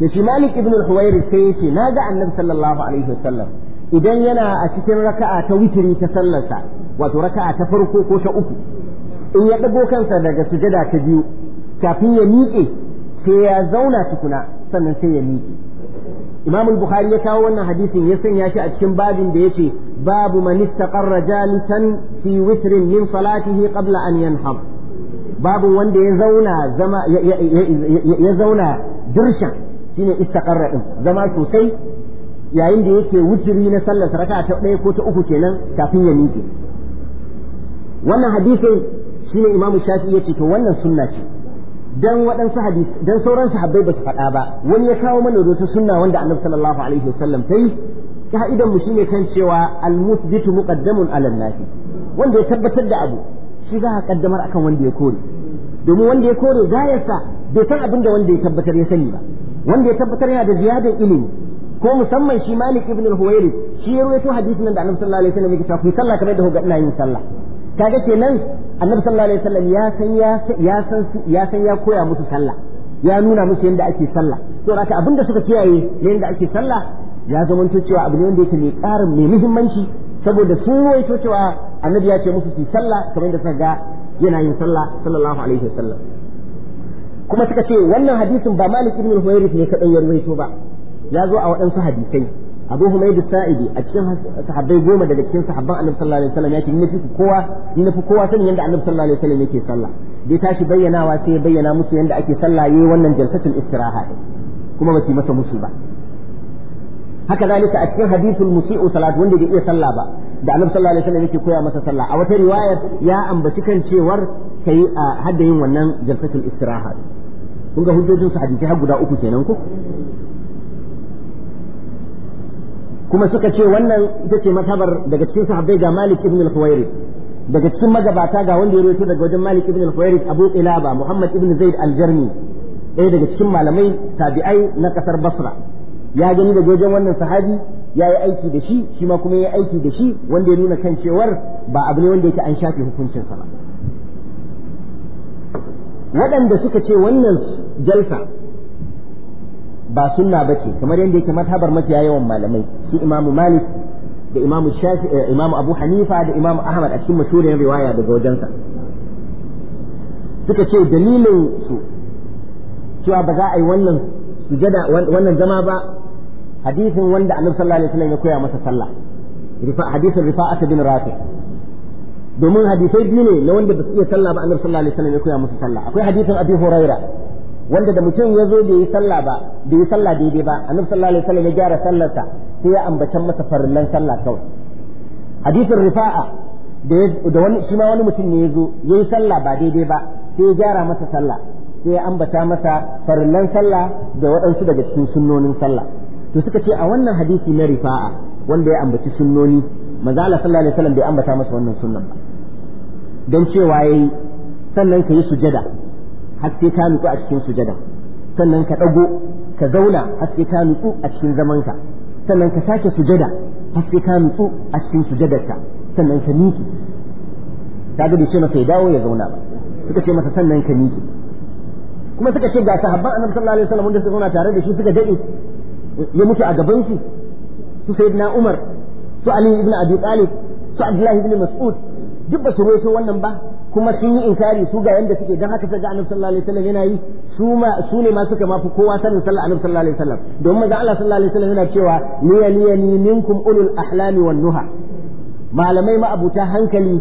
da shi Malik ibn al sai ya ce naga Annabi sallallahu alaihi wasallam idan yana a cikin raka'a ta witiri ta sallarsa wato raka'a ta farko ko ta uku in ya ɗago kansa daga sujada ta biyu kafin ya miƙe sai ya zauna tukuna sannan sai ya miƙe imam bukhari ya kawo wannan hadisin ya sanya shi a cikin babin da yace babu man istaqarra jalisan fi witrin min salatihi qabla an yanham babu wanda ya zauna zama ya zauna dirshan shine istaqarra din zama sosai yayin da yake wuturi na sallar raka'a ta ɗaya ko ta uku kenan kafin ya miƙe wannan hadisin ne imamu shafi'i ce to wannan sunna ce dan waɗansu hadisi dan sauran sahabbai ba su faɗa ba wani ya kawo mana rubutu sunna wanda annabi sallallahu alaihi wasallam ta yi ka'idan mu shine kan cewa al-musbitu muqaddamun ala nafi wanda ya tabbatar da abu shi za a kaddamar akan wanda ya kore domin wanda ya kore gayarsa bai san abin da wanda ya tabbatar ya sani ba wanda ya tabbatar yana da ziyadar ilimi ko musamman shi Malik ibn al-Huwairi shi ya rawaito hadisin da Annabi sallallahu alaihi wasallam yake cewa ku sallah kamar da ku ga ina yin sallah kaga kenan annabi sallallahu alaihi wasallam ya san ya san ya san ya koya musu sallah ya nuna musu yadda ake sallah to haka abinda suka kiyaye ne yadda ake sallah ya zamanto cewa abu ne wanda yake mai ƙarin mai muhimmanci saboda sun ruwaito cewa annabi ya ce musu su sallah kamar yadda suka ga yana yin sallah sallallahu alaihi wasallam kuma suka ce wannan hadisin ba Malik ibn Huwairith ne kadai ya ruwaito ba ya zo a waɗansu hadisai abu humaid sa'idi a cikin sahabbai goma daga cikin sahabban annabi sallallahu alaihi wasallam yake nafi kowa nafi kowa sanin yadda annabi sallallahu alaihi wasallam yake sallah dai tashi bayyanawa sai ya bayyana musu yadda ake sallah yayi wannan jalsatul istiraha kuma ba masa musu ba haka zalika a cikin hadithul musii'u salat wanda bai iya sallah ba da annabi sallallahu alaihi wasallam yake koya masa sallah a wata riwayar ya ambaci kan cewar kai hadda yin wannan jalsatul istiraha kun ga hujjojin su hadisi har guda uku kenan ko kuma suka ce wannan ita ce matabar daga cikin sahabbai ga Malik ibn al khuwairid daga cikin magabata ga wanda ya rawaito daga wajen Malik ibn al khuwairid Abu Qilaba Muhammad ibn Zaid al-Jarmi ɗaya daga cikin malamai tabi'ai na kasar Basra ya gani daga wajen wannan sahabi ya yi aiki da shi shi ma kuma ya yi aiki da shi wanda ya nuna kan cewar ba abu ne wanda yake an shafe hukuncin sa ba waɗanda suka ce wannan jalsa ba sunna ce kamar yadda yake mazhabar mafiya yawan malamai shi imamu malik da imamu shafi eh, imamu abu hanifa da imamu ahmad a cikin mashhurin riwaya daga wajensa suka ce dalilin su cewa ba za a yi wannan sujada wannan zama ba hadisin wanda annabi sallallahu alaihi wasallam ya koya masa sallah hadisin rifa'at bin rafi domin hadisai biyu ne na wanda ba su iya sallah ba annabi sallallahu alaihi wasallam ya koya masa sallah akwai hadisin abi huraira wanda da mutum ya zo bai yi sallah ba bai yi sallah daidai ba annabi sallallahu alaihi wasallam ya gyara sallarsa sai ya ambatan masa farillan sallah kawai hadisin rifa'a da wani shi ma wani mutum ne ya zo ya yi sallah ba daidai ba sai ya gyara masa sallah sai ya ambata masa farillan sallah da waɗansu daga cikin sunnonin sallah to suka ce a wannan hadisi na rifa'a wanda ya ambaci sunnoni manzo Allah sallallahu alaihi wasallam bai ambata masa wannan sunnan ba dan cewa yayi sannan ka yi sujada har sai ka nutsu a cikin sujada sannan ka ɗago ka zauna har sai ka nutsu a cikin zamanka sannan ka sake sujada har sai ka nutsu a cikin sujadarka sannan ka miƙe ta ga ce masa ya dawo ya zauna ba suka ce masa sannan ka miƙe kuma suka ce ga sahabban annabi sallallahu alaihi wasallam wanda suka zauna tare da shi suka dade ya mutu a gaban shi su sayyidina Umar su Ali ibn Abi Talib su Abdullahi ibn Mas'ud duk ba su rawaito wannan ba kuma sun yi inkari su ga yanda suke dan haka saka annabi sallallahu alaihi wasallam yana yi su ma su ne ma suka mafi kowa sanin sallar annabi sallallahu alaihi wasallam domin manzo Allah sallallahu alaihi wasallam yana cewa niya niya ni minkum ulul ahlami wan nuha malamai ma abuta hankali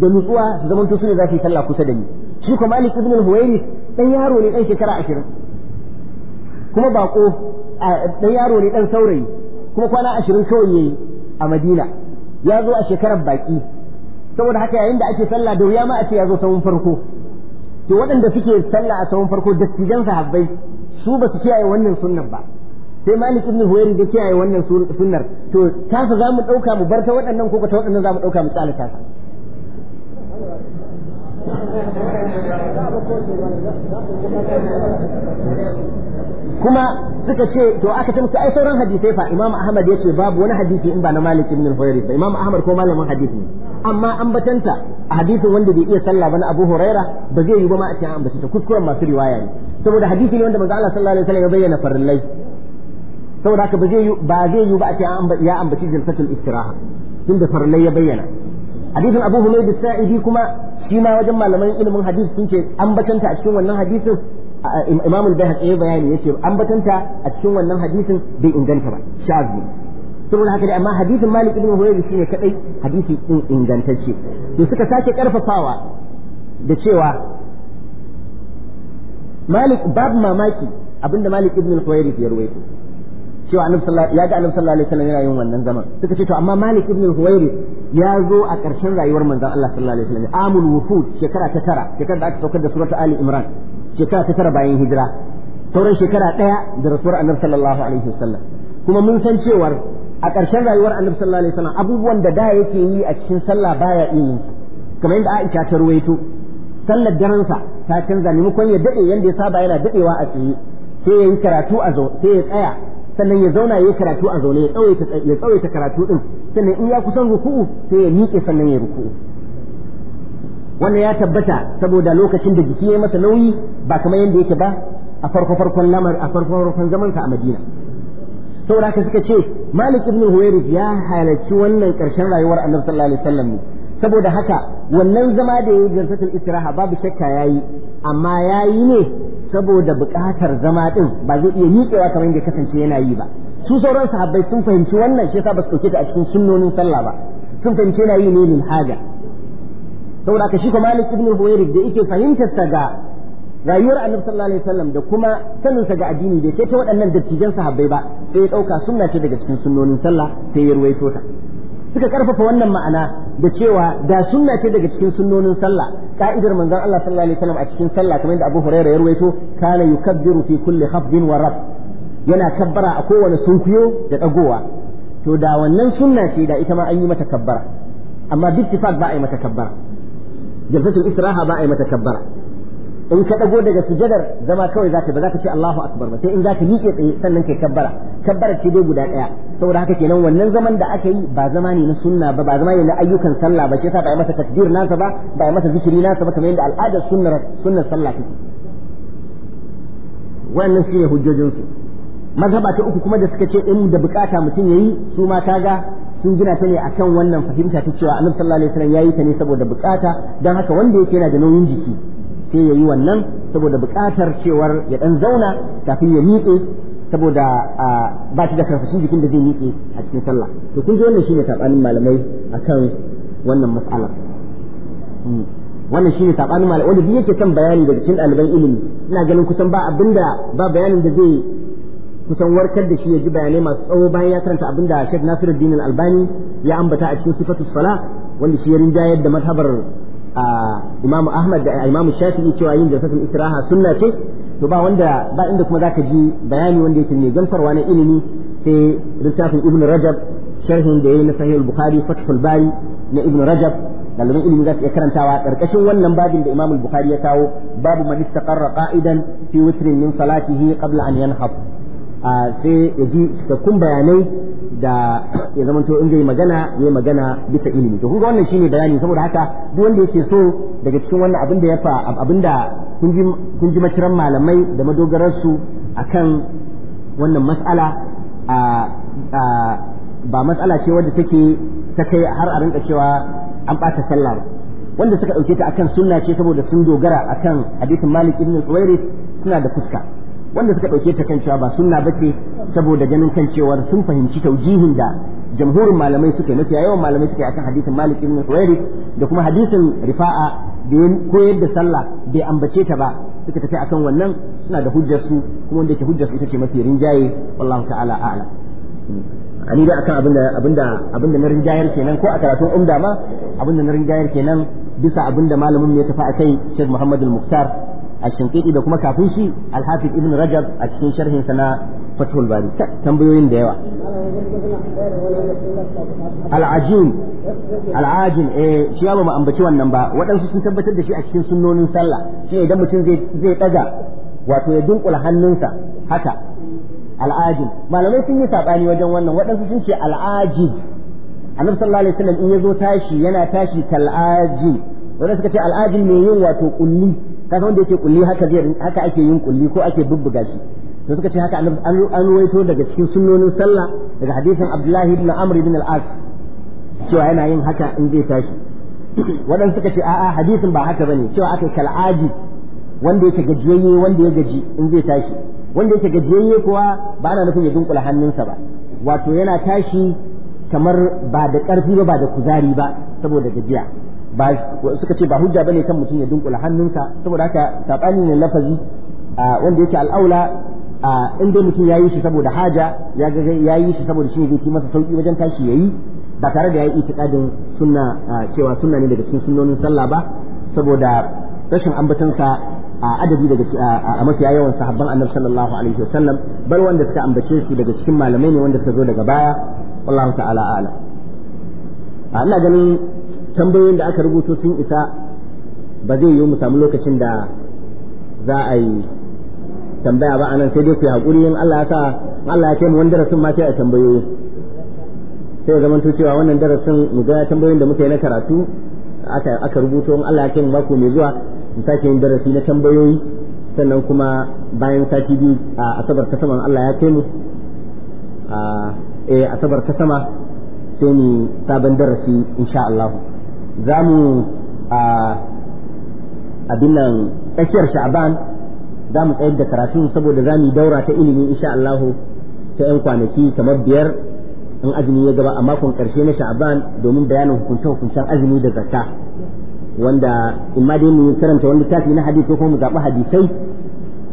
da nutsuwa su zamanto su ne za su yi sallah kusa da ni shi kuma Malik ibn al-Huwairi dan yaro ne dan shekara 20 kuma bako dan yaro ne dan saurayi kuma kwana 20 kawai yayi a Madina ya zo a shekarar baki saboda haka yayin da ake sallah da wuya ma a ce ya zo sahun farko to waɗanda suke sallah a sahun farko dattijan sahabbai su ba su kiyaye wannan sunnan ba sai malik ibn huwairi da kiyaye wannan sunnar to tasa za mu ɗauka mu bar ta waɗannan ko ta waɗannan za mu ɗauka mu tsala tasa kuma suka ce to aka ce musu ai sauran hadisai fa Imam Ahmad yace babu wani hadisi in ba na Malik ibn al-Huwairi ba Imam Ahmad ko malamin hadisi amma an batanta a hadisin wanda bai iya sallah ba na Abu Huraira ba zai yi ba ma a ce an ta kuskuren masu riwaya ne saboda hadisi ne wanda manzo Allah sallallahu alaihi wasallam ya bayyana farillai saboda haka ba zai yi ba zai yi ba a cikin ya ambaci jalsatul istiraha tunda farillai ya bayyana hadisin Abu Humayd as-Sa'idi kuma shi ma wajen malaman ilimin hadisi sun ce an batanta a cikin wannan hadisin imamul bayhaqi ya bayani yace ambatanta a cikin wannan hadisin bai inganta ba shazi saboda haka dai amma hadisin malik ibn huwayri shine kadai hadisi din ingantacce to suka sake karfafawa da cewa malik babu mamaki abinda malik ibn huwayri ya ruwaito cewa annabi sallallahu ya ga annabi sallallahu alaihi wasallam yana yin wannan zaman suka ce to amma malik ibn huwayri ya zo a ƙarshen rayuwar manzon Allah sallallahu alaihi wasallam amul wufud shekara ta tara shekara da aka saukar da suratul ali imran shekara ta tara bayan hijira sauran shekara ɗaya da rasuwar annabi sallallahu alaihi wasallam kuma mun san cewar a ƙarshen rayuwar annabi sallallahu alaihi wasallam abubuwan da da yake yi a cikin sallah baya iya yin kamar yadda Aisha ta ruwaito sallar daransa ta canza maimakon ya dade yanda ya saba yana dadewa a tsaye sai ya yi karatu a zaune sai ya tsaya sannan ya zauna ya yi karatu a zaune ya tsawaita karatu din sannan in ya kusan ruku'u sai ya miƙe sannan ya ruku'u wannan ya tabbata saboda lokacin da jiki ya masa nauyi ba kamar yadda yake ba a farko farkon lamar a farko farkon zaman sa a Madina saboda haka suka ce Malik ibn Huwairith ya halarci wannan karshen rayuwar Annabi sallallahu alaihi wasallam ne saboda haka wannan zama da yayi jansatul istiraha babu shakka yayi amma yayi ne saboda buƙatar zama din ba zai iya miƙewa kamar yadda kasance yana yi ba su sauran sahabbai sun fahimci wannan shi yasa ba su dauke ta a cikin sunnonin sallah ba sun fahimci yana yi ne lil haja saboda ka shi ko Malik ibn Huwairid da yake fahimtar sa ga rayuwar Annabi sallallahu alaihi wasallam da kuma sanin sa ga addini da kai ta waɗannan dattijan sahabbai ba sai ya dauka sunna ce daga cikin sunnonin sallah sai ya ruwaito ta suka karfafa wannan ma'ana da cewa da sunna ce daga cikin sunnonin sallah ka'idar manzon Allah sallallahu alaihi wasallam a cikin sallah kamar yadda Abu Hurairah ya ruwaito kana yukabbiru fi kulli khafdin wa raf yana kabbara a kowane sunkuyo da dagowa to da wannan sunna ce da ita ma an yi mata kabbara amma bittifaq ba a yi mata kabbara jalsatul istiraha ba a mata kabbara in ka dago daga sujadar zama kawai zaka ba zaka ce Allahu akbar ba sai in zaka miƙe tsaye sannan kai kabbara kabbara ce dai guda ɗaya saboda haka kenan wannan zaman da aka yi ba zama ne na sunna ba ba zama ne na ayyukan sallah ba shi yasa ba yi masa takbir nasa ba ba yi masa zikiri nasa ba kamar yadda al'adar sunnar sunnar sallah take wannan shine hujjojinsu mazhaba ta uku kuma da suka ce in da bukata mutum yayi su ma kaga sun gina ta ne akan wannan fahimta ta cewa annabi sallallahu alaihi wasallam yayi ta ne saboda bukata dan haka wanda yake yana da nauyin jiki sai yayi wannan saboda bukatar cewar ya dan zauna kafin ya miƙe saboda ba shi da karsashin jikin da zai miƙe a cikin sallah to kun ji wannan shine tabanin malamai akan wannan mas'ala hmm. wannan shine tabanin malamai wanda duk yake son bayani daga cikin ɗaliban ilimi ina ganin kusan ba abinda ba bayanin da zai kusan warkar da shi ya ji bayanai masu tsawo bayan ya karanta abin da Sheikh Nasiruddin Al-Albani ya ambata a cikin sifatu sala wanda shi ya rinjayar da madhabar Imam Ahmad da Imam Shafi'i cewa yin jalsatul istiraha sunna ce to ba wanda ba inda kuma zaka ji bayani wanda yake mai gamsarwa na ilimi sai littafin Ibn Rajab sharhin da yayi na Sahih al-Bukhari Fathul Bari na Ibn Rajab ɗaliban ilimi za su iya karantawa ƙarƙashin wannan babin da Imam al-Bukhari ya kawo babu man istaqarra qa'idan fi witrin min salatihi qabla an yanhab sai ya ji cikakkun bayanai da ya zama to in zai magana ya magana bisa ilimi to kuga wannan shine bayani saboda haka duk wanda yake so daga cikin wannan abin da ya fa abin da kun ji maciran malamai da madogararsu akan wannan mas'ala ba matsala ce wadda take ta kai har a rinka cewa an ɓata sallar wanda suka ɗauke ta akan sunna ce saboda sun dogara akan hadisin Malik ibn Uwairis suna da fuska wanda suka ɗauke ta kan cewa ba sunna ba ce saboda ganin kan cewar sun fahimci taujihin da jamhurin malamai suke mafi yawan malamai suke akan hadisin malik ibn huwairi da kuma hadisin rifa'a da ya koyar da sallah bai ambace ta ba suka tafi akan wannan suna da hujjar su kuma wanda yake hujjar su ita ce mafi rinjaye wallahu ta'ala a'lam ani da akan abinda abinda abinda na rinjayar kenan ko a karatun umda ma abinda na rinjayar kenan bisa abinda malamin ya tafi akai Sheikh Muhammad al al-shinqiti da kuma kafin shi al-hafiz ibn rajab a cikin sharhin sa na fathul bari tambayoyin da yawa al-ajin al-ajin eh, shi ba mu ambaci wannan ba waɗansu sun tabbatar da shi a cikin sunnonin sallah shi idan mutum zai ɗaga daga wato ya dunkula hannunsa haka al malamai sun yi saɓani wajen wannan waɗansu sun ce al-ajiz annabi sallallahu in ya zo tashi yana tashi kal-ajin wanda suka ce al mai yin wato ƙulli. san wanda yake kulli haka zai haka ake yin kulli ko ake bubbuga shi to suka ce haka an waito daga cikin sunnonin sallah daga hadisin Abdullahi ibn Amr ibn al-As cewa yana yin haka in zai tashi wadanda suka ce a'a hadisin ba haka bane cewa aka kal'aji wanda yake gajiyayye wanda ya gaji in zai tashi wanda yake gajiyayye kuwa ba ana nufin ya dunkula hannunsa ba wato yana tashi kamar ba da ƙarfi ba ba da kuzari ba saboda gajiya ba suka ce ba hujja bane kan mutum ya dunkula hannunsa saboda haka sabani ne lafazi wanda yake al'aula in dai mutum yayi shi saboda haja ya ga yayi shi saboda shi zai fi masa sauki wajen tashi yayi ba tare da yayi itikadin sunna cewa sunna ne daga cikin sunnonin sallah ba saboda rashin ambatansa a adadi daga a mafiya yawan sahabban annabi sallallahu alaihi wasallam bar wanda suka ambace su daga cikin malamai ne wanda suka zo daga baya wallahu ta'ala a'lam ina ganin tambayoyin da aka rubuto sun isa ba zai yiwu mu samu lokacin da za a yi tambaya ba anan sai dai ku yi haƙuri in Allah ya sa Allah ya kai mu wani darasin ma sai a tambayoyi sai zaman to cewa wannan darasin mu ga tambayoyin da muka yi na karatu aka aka rubuto in Allah ya kai mu mako mai zuwa mu sake yin darasi na tambayoyi sannan kuma bayan sati biyu a asabar ta saman Allah ya kai mu a eh, asabar ta sama sai mu sabon darasi insha Allah za mu a abin nan tsakiyar sha'aban za mu tsayar da karatu saboda za mu daura ta ilimi insha Allah ta 'yan kwanaki kamar biyar in azumi ya gaba a makon karshe na sha'aban domin bayanin hukuncen hukuncen azumi da zakka wanda in ma dai mu karanta wani littafi na hadisi ko mu zaɓi hadisai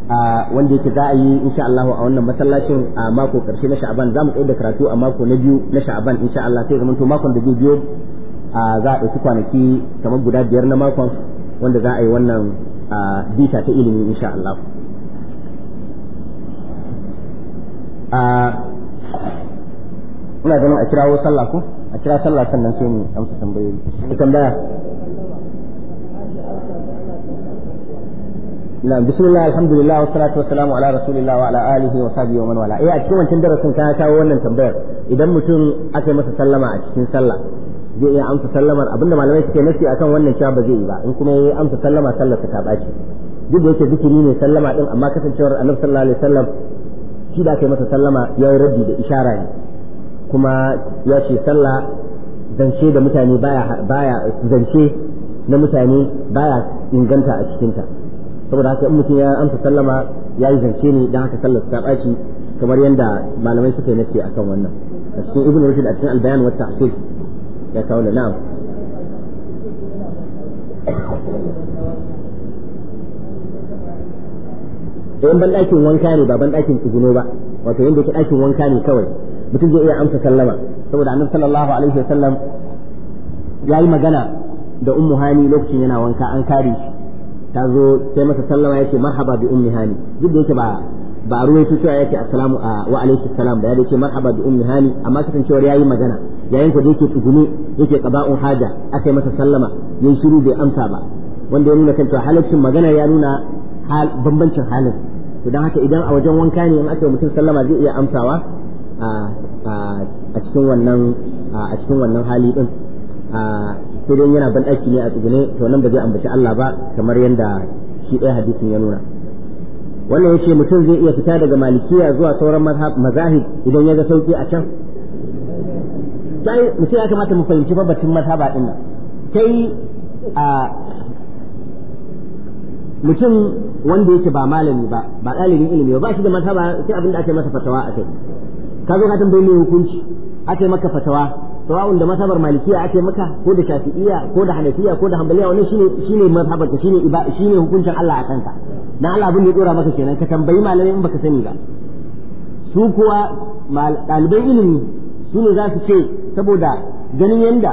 a wanda yake za a yi insha Allah a wannan masallacin a mako karshe na sha'aban za mu tsayar da karatu a mako na biyu na sha'aban insha Allah sai to makon da zai biyo a za a ɗauki kwanaki kamar guda biyar na makon wanda za a yi wannan bita ta ilimi insha Allah ina ganin a kirawo sallah ko a kira sallah sannan sai mu amsa tambayoyi tambaya na bismillah alhamdulillah wa salatu wa salamu ala rasulillah wa ala alihi wa sahbihi wa man wala eh a cikin wancan darasin ka kawo wannan tambayar idan mutum aka yi masa sallama a cikin sallah zai iya amsa sallamar abinda malamai suke nasi akan wannan cewa ba zai yi ba in kuma yayi amsa sallama sallar ta ɓaci duk da yake zikiri ne sallama din amma kasancewar annabi sallallahu alaihi wasallam shi da kai masa sallama ya yi raddi da ishara ne kuma ya ce sallah zance da mutane baya baya zance na mutane baya inganta a cikinta saboda haka in mutum ya amsa sallama ya yi zance ne dan haka sallar ta ɓaci kamar yadda malamai suke nasi akan wannan a cikin ibn rushd a cikin albayan wa tahsil ya kawo na'am to in banɗakin wanka ne ba ban ɗakin tsuguno ba wato yanda yake ɗakin wanka ne kawai mutum zai iya amsa sallama saboda annabi sallallahu alaihi wasallam ya yi magana da ummu hani lokacin yana wanka an kare shi ta zo sai masa sallama ya ce marhaba bi ummi hani duk da yake ba ba ruwaito cewa ya ce assalamu wa alaikum salam ba ya ce marhaba bi ummi hani amma kasancewar ya yi magana yayin da yake tsugune yake qada'un haja aka masa sallama yayin shiru bai amsa ba wanda ya nuna kan cewa halaccin magana ya nuna hal bambancin halin to dan haka idan a wajen wanka ne in aka mutum sallama zai iya amsawa a cikin wannan a cikin wannan hali din sai dai yana ban ne a tsugune to nan ba zai ambaci Allah ba kamar yadda shi ɗaya hadisin ya nuna wannan yace mutum zai iya fita daga malikiya zuwa sauran mazahib idan ya ga sauki a can sai mutum ya kamata mu fahimci babbacin mazhaba ɗin nan kai a mutum wanda yake ba malami ba ba ɗalibin ilimi ba ba shi da mazhaba sai abinda da ake masa fatawa a kai ka zo ka tambayi mai hukunci ake maka fatawa sawa'un da mazhabar malikiya ake maka ko da shafi'iya ko da hanafiya ko da hanbaliya wannan shine shine mazhabar ka shine iba shine hukuncin Allah a kanka dan Allah abin da ya dora maka kenan ka tambayi malami in baka sani ba su kuwa ɗaliban ilimi su ne za su ce saboda ganin yanda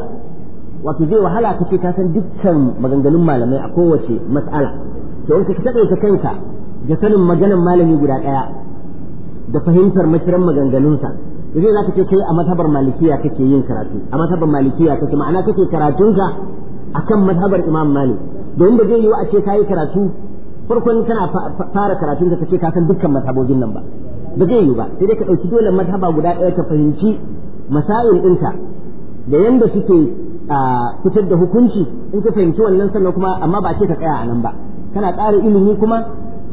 wato zai wahala ka ce ka san dukkan maganganun malamai a kowace mas'ala to in ka taƙaita kanka ga sanin maganan malami guda ɗaya da fahimtar maciran maganganunsa zai za ka ce kai a matabar malikiya kake yin karatu a matabar malikiya kake ma'ana kake karatunka a kan matabar imam malik domin ba zai yiwu a ce ka yi karatu farkon kana fara karatunka ka ce ka san dukkan matabogin nan ba ba zai yiwu ba sai dai ka ɗauki dole mataba guda ɗaya ka fahimci masayin ɗinta da yadda suke fitar da hukunci in ka fahimci wannan sannan kuma amma ba ce ka tsaya a nan ba kana ƙara ilimi kuma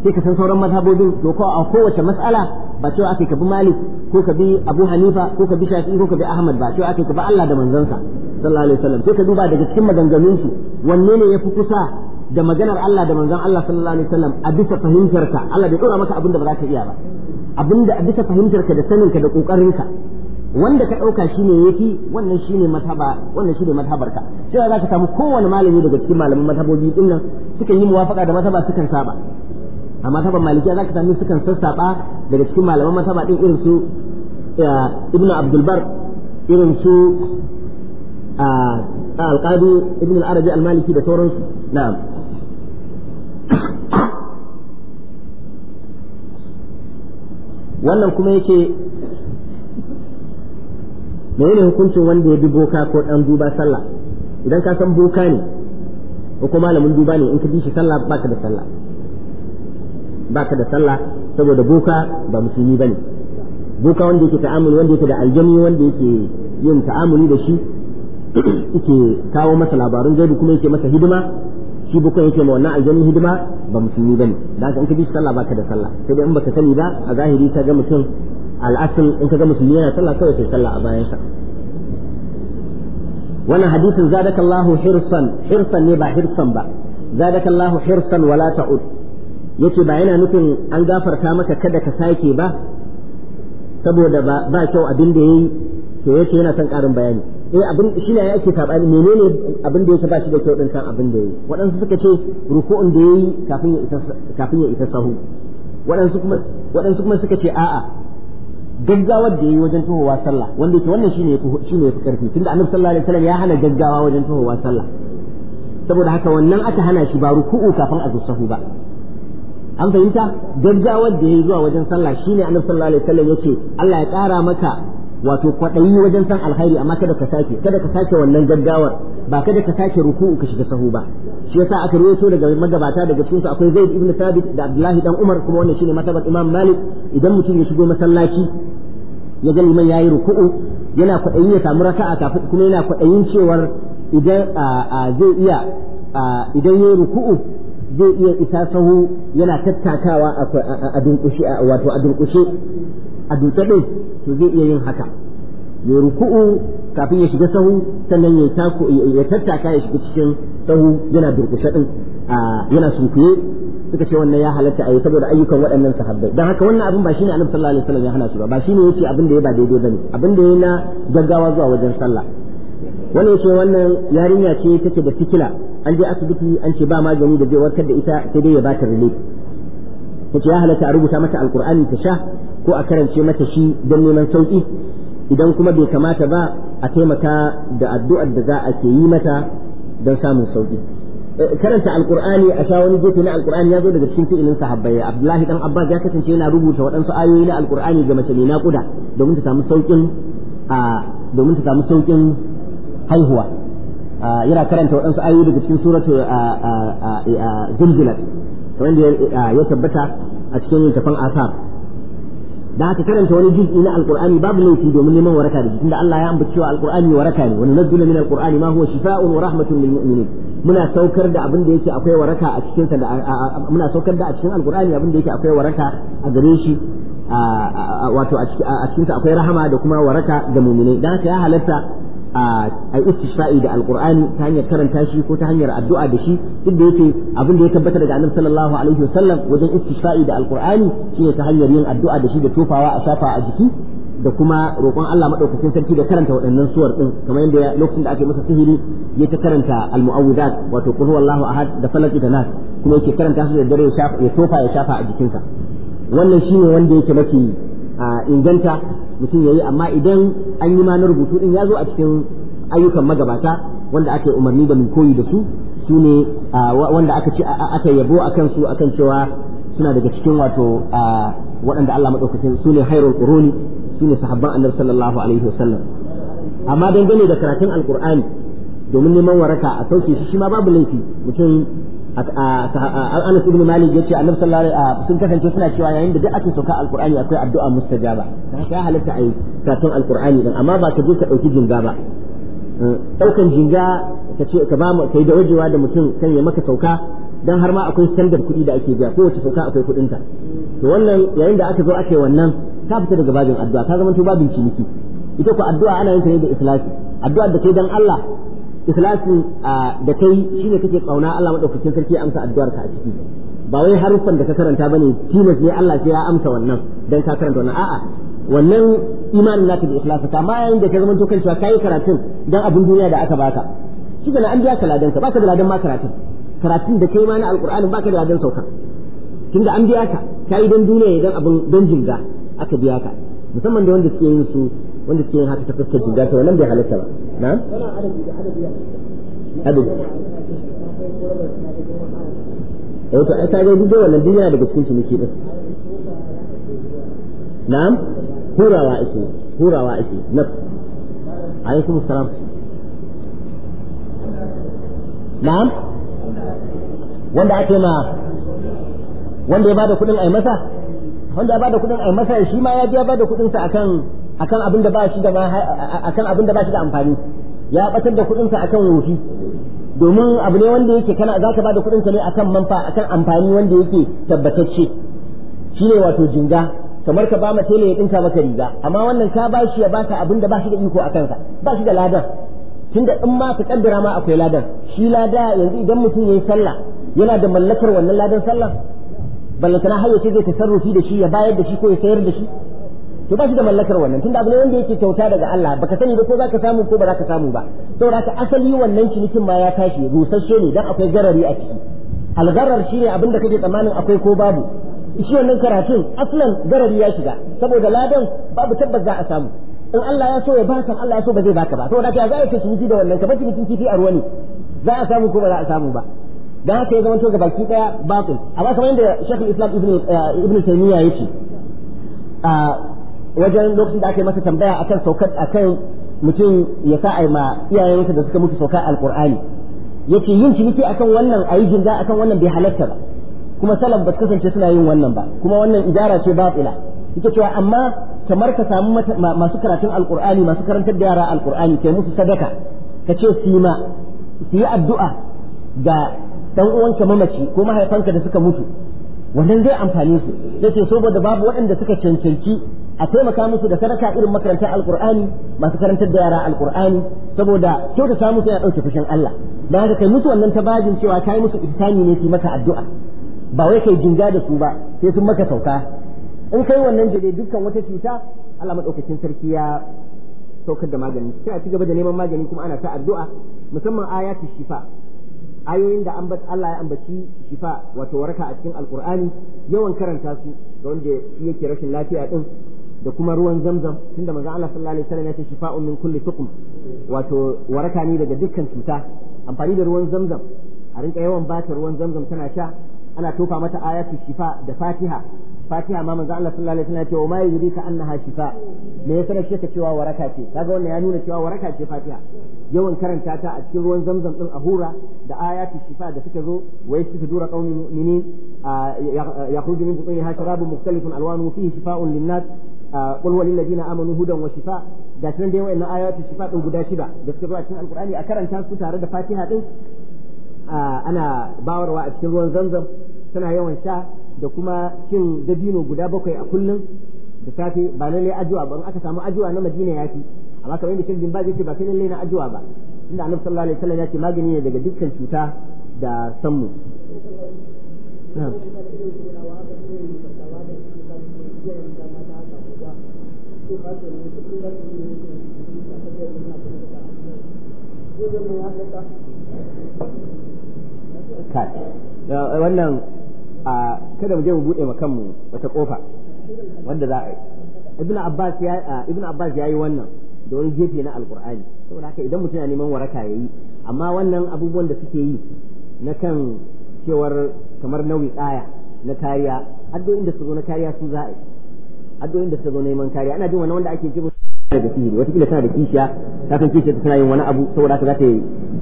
sai ka san sauran mazhabobin to ko a kowace matsala ba cewa ake ka bi Malik ko ka bi Abu Hanifa ko ka bi shafi ko ka bi Ahmad ba cewa ake ka bi Allah da manzansa sallallahu alaihi wasallam sai ka duba daga cikin maganganunsu wanne ne ya fi kusa da maganar Allah da manzan Allah sallallahu alaihi wasallam a bisa fahimtarka Allah bai dora maka abin da ba za ka iya ba abinda a bisa fahimtarka da saninka da kokarinka wanda ka ɗauka shi ne ya fi wannan shi ne mataba wannan shi ne matabarka sai za ka samu kowane malami daga cikin malaman matabobi din nan sukan yi muwafaka da mataba sukan saba a matabar malikiya za ka samu sukan sassaba daga cikin malaman mataba din irin su ibnu abdulbar irin su alqadi ibn arabi al-maliki da sauransu na'am wannan kuma yake menene hukuncin wanda ya bi boka ko dan duba sallah idan ka san boka ne ko malamin duba ne in ka bi shi sallah baka da sallah baka da sallah saboda boka ba musulmi bane boka wanda yake ta'amuli wanda yake da aljami wanda yake yin ta'amuli da shi yake kawo masa labarun gaibi kuma yake masa hidima shi bukan yake ma wannan aljami hidima ba musulmi bane da haka in ka bi shi sallah baka da sallah sai dai in baka sani ba a zahiri ka ga mutum al'asul in kaga musulmi yana sallah kawai kai sallah a bayansa wannan hadisin zadakallahu hirsan hirsan ne ba hirsan ba zadakallahu hirsan wala ta'ud yace ba yana nufin an gafarta maka kada ka sake ba saboda ba ba kyau abin da yayi to yace yana son karin bayani eh abin shi ne yake sabani menene abin da yake ba shi da kyau din kan abin da yayi waɗansu suka ce ruku'un da yayi kafin ya isa kafin ya isa sahu wadansu kuma waɗansu kuma suka ce a'a gaggawar da yayi wajen tuhowa sallah wanda yake wannan shine shine yafi karfi tunda annabi sallallahu alaihi wasallam ya hana gaggawa wajen tuhowa sallah saboda haka wannan aka hana shi ba ruku'u kafin a sahu ba an fahimta gaggawar da ya yi zuwa wajen sallah shine annabi sallallahu alaihi wasallam yace Allah ya kara maka wato kwaɗayi wajen san alkhairi amma kada ka sake kada ka sake wannan gaggawar ba kada ka sake ruku'u ka shiga sahu ba shi yasa aka rawaito daga magabata daga cikin su akwai Zaid ibn Thabit da Abdullahi dan Umar kuma wannan shine matabar Imam Malik idan mutum ya shigo masallaci ya ga liman yayi ruku'u yana kwaɗayi ya samu raka'a kafin kuma yana kwaɗayin cewar idan zai iya idan yayi ruku'u zai iya isa sahu yana tattakawa a dunkushe wato a dunkushe a dutse ɗin to zai iya yin haka ya ruku'u kafin ya shiga sahu sannan ya ya tattaka ya shiga cikin sahu yana durkushe ɗin yana sunkuye suka ce wannan ya halatta a yi saboda ayyukan waɗannan sahabbai don haka wannan abin ba shine annabi sallallahu alaihi wasallam ya hana su ba ba shine yace abin da ya ba daidai bane abin da ya na gaggawa zuwa wajen sallah wannan yace wannan yarinya ce take da sikila an je asibiti an ce ba magani da zai warkar da ita sai dai ya bata relief tace ya halatta a rubuta mata alqur'ani ta sha ko a karance mata shi don neman sauki idan kuma bai kamata ba a taimaka da addu'ar da za a ke yi mata don samun sauki eh, karanta alkur'ani a sha wani gefe na alkur'ani ya zo daga cikin fi'ilin sahabbai abdullahi dan abbas ya kasance yana rubuta waɗansu ayoyi na alkur'ani ga mace mai naƙuda domin ta samu saukin a domin ta samu saukin haihuwa yana karanta waɗansu ayoyi daga cikin suratu zulzilat wanda ya tabbata a cikin littafin asar da aka karanta wani juz'i na alqur'ani babu laifi domin neman waraka da tunda Allah ya ambaci cewa alqur'ani waraka ne wannan nazzala min alqur'ani ma huwa shifaa'un wa rahmatun lil mu'minin muna saukar da abin da yake akwai waraka a cikin sa muna saukar da a cikin alqur'ani abin da yake akwai waraka a gare shi wato a cikin sa akwai rahama da kuma waraka ga mu'minai dan haka ya halatta a istishfa'i da alqur'ani ta hanyar karanta shi ko ta hanyar addu'a da shi duk da yake abin da ya tabbata daga annabi sallallahu alaihi wasallam wajen istishfa'i da alqur'ani shine ta hanyar yin addu'a da shi da tofawa a shafa a jiki da kuma roƙon Allah madaukakin sarki da karanta waɗannan suwar din kamar yadda lokacin da aka masa sihiri ya ta karanta almu'awwidat wato qul huwallahu ahad da falaq da nas kuma yake karanta su da dare ya tofa ya shafa a jikinsa wannan shine wanda yake mafi inganta mutum yayi amma idan an yi ma na rubutu din ya zo a cikin ayyukan magabata wanda aka umarni da mun koyi da su su ne wanda aka ce aka yabo akan su akan cewa suna daga cikin wato waɗanda Allah madaukakin su ne hairul quruni su ne sahabban annabi sallallahu alaihi wasallam amma dangane da karatun alqur'ani domin neman waraka a sauke shi shi ma babu laifi mutum Anas ibn Malik yace Annabi sallallahu alaihi sun kasance suna cewa yayin da duk ake sauka alqur'ani akwai addu'a mustajaba ya halatta ayi karatun alqur'ani din amma ba ka je ka dauki jinga ba daukan eh, jinga ka ce ka ba mu kai da wajewa da mutum kan ya maka sauka dan har ma akwai standard kuɗi da ake biya kowace sauka akwai kuɗin ta to wannan yayin da aka zo aka wannan ka fita daga babin addu'a ka zama to babin ciniki ita ko addu'a ana yin ta ne da ikhlasi addu'a da kai dan Allah ikhlasin da kai shine kake kauna Allah madaukakin sarki ya amsa addu'ar ka a ciki ba wai harufan da ka karanta bane tilas ne Allah sai ya amsa wannan dan ka karanta wannan a'a wannan imanin naka da ikhlasa ka ma yayin da ka zama kan cewa kai karatun dan abin duniya da aka baka shi da an biya ka ladan ka baka da ladan ma karatun karatun da kai ma na alqur'ani baka da ladan sauka da an biya ka kai dan duniya dan abin dan jinga aka biya ka musamman da wanda suke yin su wanda suke yin haka ta fuskar jinga to wannan bai halatta ba na adadi eh نعم هورا هورا نعم عليكم السلام نعم wanda ake ma wanda ya bada kudin ai masa wanda ya bada kudin ai masa shi ma ya je ya bada kudin sa akan akan abin da ba shi da akan abin da ba shi da amfani ya batar da kuɗinsa akan wofi domin abu ne wanda yake kana za ka bada kuɗinka ne akan manfa akan amfani wanda yake tabbatacce shine wato jinga kamar ka ba mace ne ya dinka maka riga amma wannan ka ba shi ya ka abin da ba shi da iko a kansa ba shi da ladan tunda in ma ka kaddara ma akwai ladan shi lada yanzu idan mutum ya yi sallah yana da mallakar wannan ladan sallah ballantana har yace zai tasarrufi da shi ya bayar da shi ko ya sayar da shi to ba shi da mallakar wannan tunda abu ne wanda yake kyauta daga Allah baka sani ba ko za ka samu ko ba za ka samu ba saboda haka asali wannan cinikin ma ya tashi rusasshe ne dan akwai garari a ciki algarar shine abin da kake tsammanin akwai ko babu shi wannan karatun aslan garari ya shiga saboda ladan babu tabbas za a samu in Allah ya so ya baka Allah ya so ba zai baka ba saboda haka za a yi ciniki da wannan kamar cinikin kifi a ruwa ne za a samu ko ba za a samu ba da haka ya zamanto ga baki daya a ba kamar yadda Sheikh Islam Ibn uh, Ibn ya ce. Uh, wajen lokacin da aka masa tambaya akan saukar akan mutum ya sa ai ma iyayensa da suka mutu saukar alqur'ani yace yin ciniki akan wannan ayi jinga akan wannan bai halatta ba kuma salaf ba su kasance suna yin wannan ba kuma wannan ijara ce batila yake cewa amma kamar ka samu masu karatun alqur'ani masu karantar da yara alqur'ani kai musu sadaka ka ce sima su yi addu'a ga dan uwanka mamaci ko mahaifanka da suka mutu wannan zai amfani su yace saboda babu waɗanda suka cancanci a taimaka musu da sadaka irin makarantar alkur'ani masu karantar da yara alkur'ani saboda kyautata musu ya ɗauke fushin Allah don haka kai musu wannan tabajin cewa yi musu ihsani ne su maka addu'a ba wai kai jinga da su ba sai sun maka sauka in kai wannan jire dukkan wata cuta Allah madaukakin sarki ya saukar da magani sai a ci gaba da neman magani kuma ana ta addu'a musamman ayatu shifa ayoyin da Allah ya ambaci shifa wato waraka a cikin alkur'ani yawan karanta su ga wanda shi yake rashin lafiya din da kuma ruwan zamzam tunda manzon Allah sallallahu alaihi wasallam ya ce shifa'un min kulli tuqm wato waraka ne daga dukkan cuta amfani da ruwan zamzam a rinka yawan bata ruwan zamzam tana sha ana tofa mata ayatu shifa da fatiha fatiha ma manzon Allah sallallahu alaihi wasallam ya ce wa ma yudrika annaha shifa me ya sanar ka cewa waraka ce kaga wannan ya nuna cewa waraka ce fatiha yawan karanta ta a cikin ruwan zamzam din a hura da ayatu shifa da suka zo wa yastadura qaumin mu'minin yakhruju min butuniha sharabun mukhtalifun alwanuhu fihi shifa'un lin qul walil ladina amanu hudan wa shifa ga nan dai wayannan ayatu shifa din guda shida da suka zo a cikin alqur'ani a karanta su tare da fatiha din ana bawarwa a cikin ruwan zamzam tana yawan sha da kuma cin dabino guda bakwai a kullum da safe ba lallai ajuwa ba in aka samu ajuwa na madina ya fi amma kamar inda shirin ba zai ce ba sai lallai na ajuwa ba inda annabi sallallahu alaihi wasallam magani ne daga dukkan cuta da sammu na'am Eh, wannan a kada mu je mu bude kanmu wata kofa wanda za a yi ibnu abbas ya ibnu abbas yayi wannan da wani gefe na alqur'ani saboda haka idan mutum ya neman waraka yayi amma wannan abubuwan da suke yi na kan cewar kamar nauyi tsaya na kariya addu'o'in da su zo na kariya su za a yi addu'o'in da suka zo neman kariya ana jin wani wanda ake ji daga sihiri kila tana da kishiya ta kan kishiya tana yin wani abu saboda haka za ta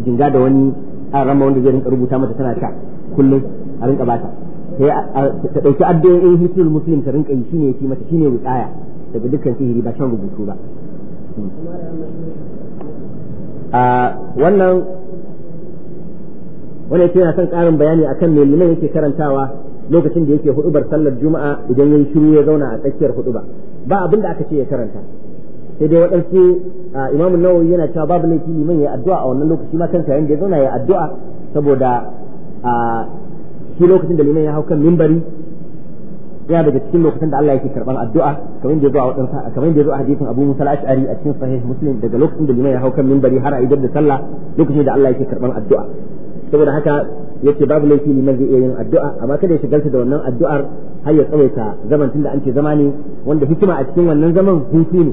jinga da wani a ramma wanda zai rinka rubuta mata tana sha kullum a rinka ba ta ɗauki addu'o'in hisnul muslim ta rinka yi shine yake mata shine wuƙaya daga dukkan sihiri ba shan rubutu ba a wannan ce yana son ƙarin bayani akan me limai yake karantawa lokacin da yake hudubar sallar juma'a idan ya yi shiru ya zauna a tsakiyar huduba ba abin da aka ce ya karanta sai dai waɗansu imam nawawi yana cewa babu laifi liman ya addu'a a wannan lokaci ma kansa yayin da ya zauna ya addu'a saboda a shi lokacin da liman ya hau kan mimbari yana daga cikin lokacin da Allah yake karban addu'a kamar da ya zo a wadansa kamar da zo a hadisin Abu Musa al-Ash'ari a cikin sahih Muslim daga lokacin da liman ya hau kan mimbari har a idar da sallah lokacin da Allah yake karban addu'a saboda haka yace babu laifi liman zai ya yin addu'a amma kada ya shigarta da wannan addu'ar har ya tsawaita zaman tunda an ce zama ne wanda hikima a cikin wannan zaman hutu ne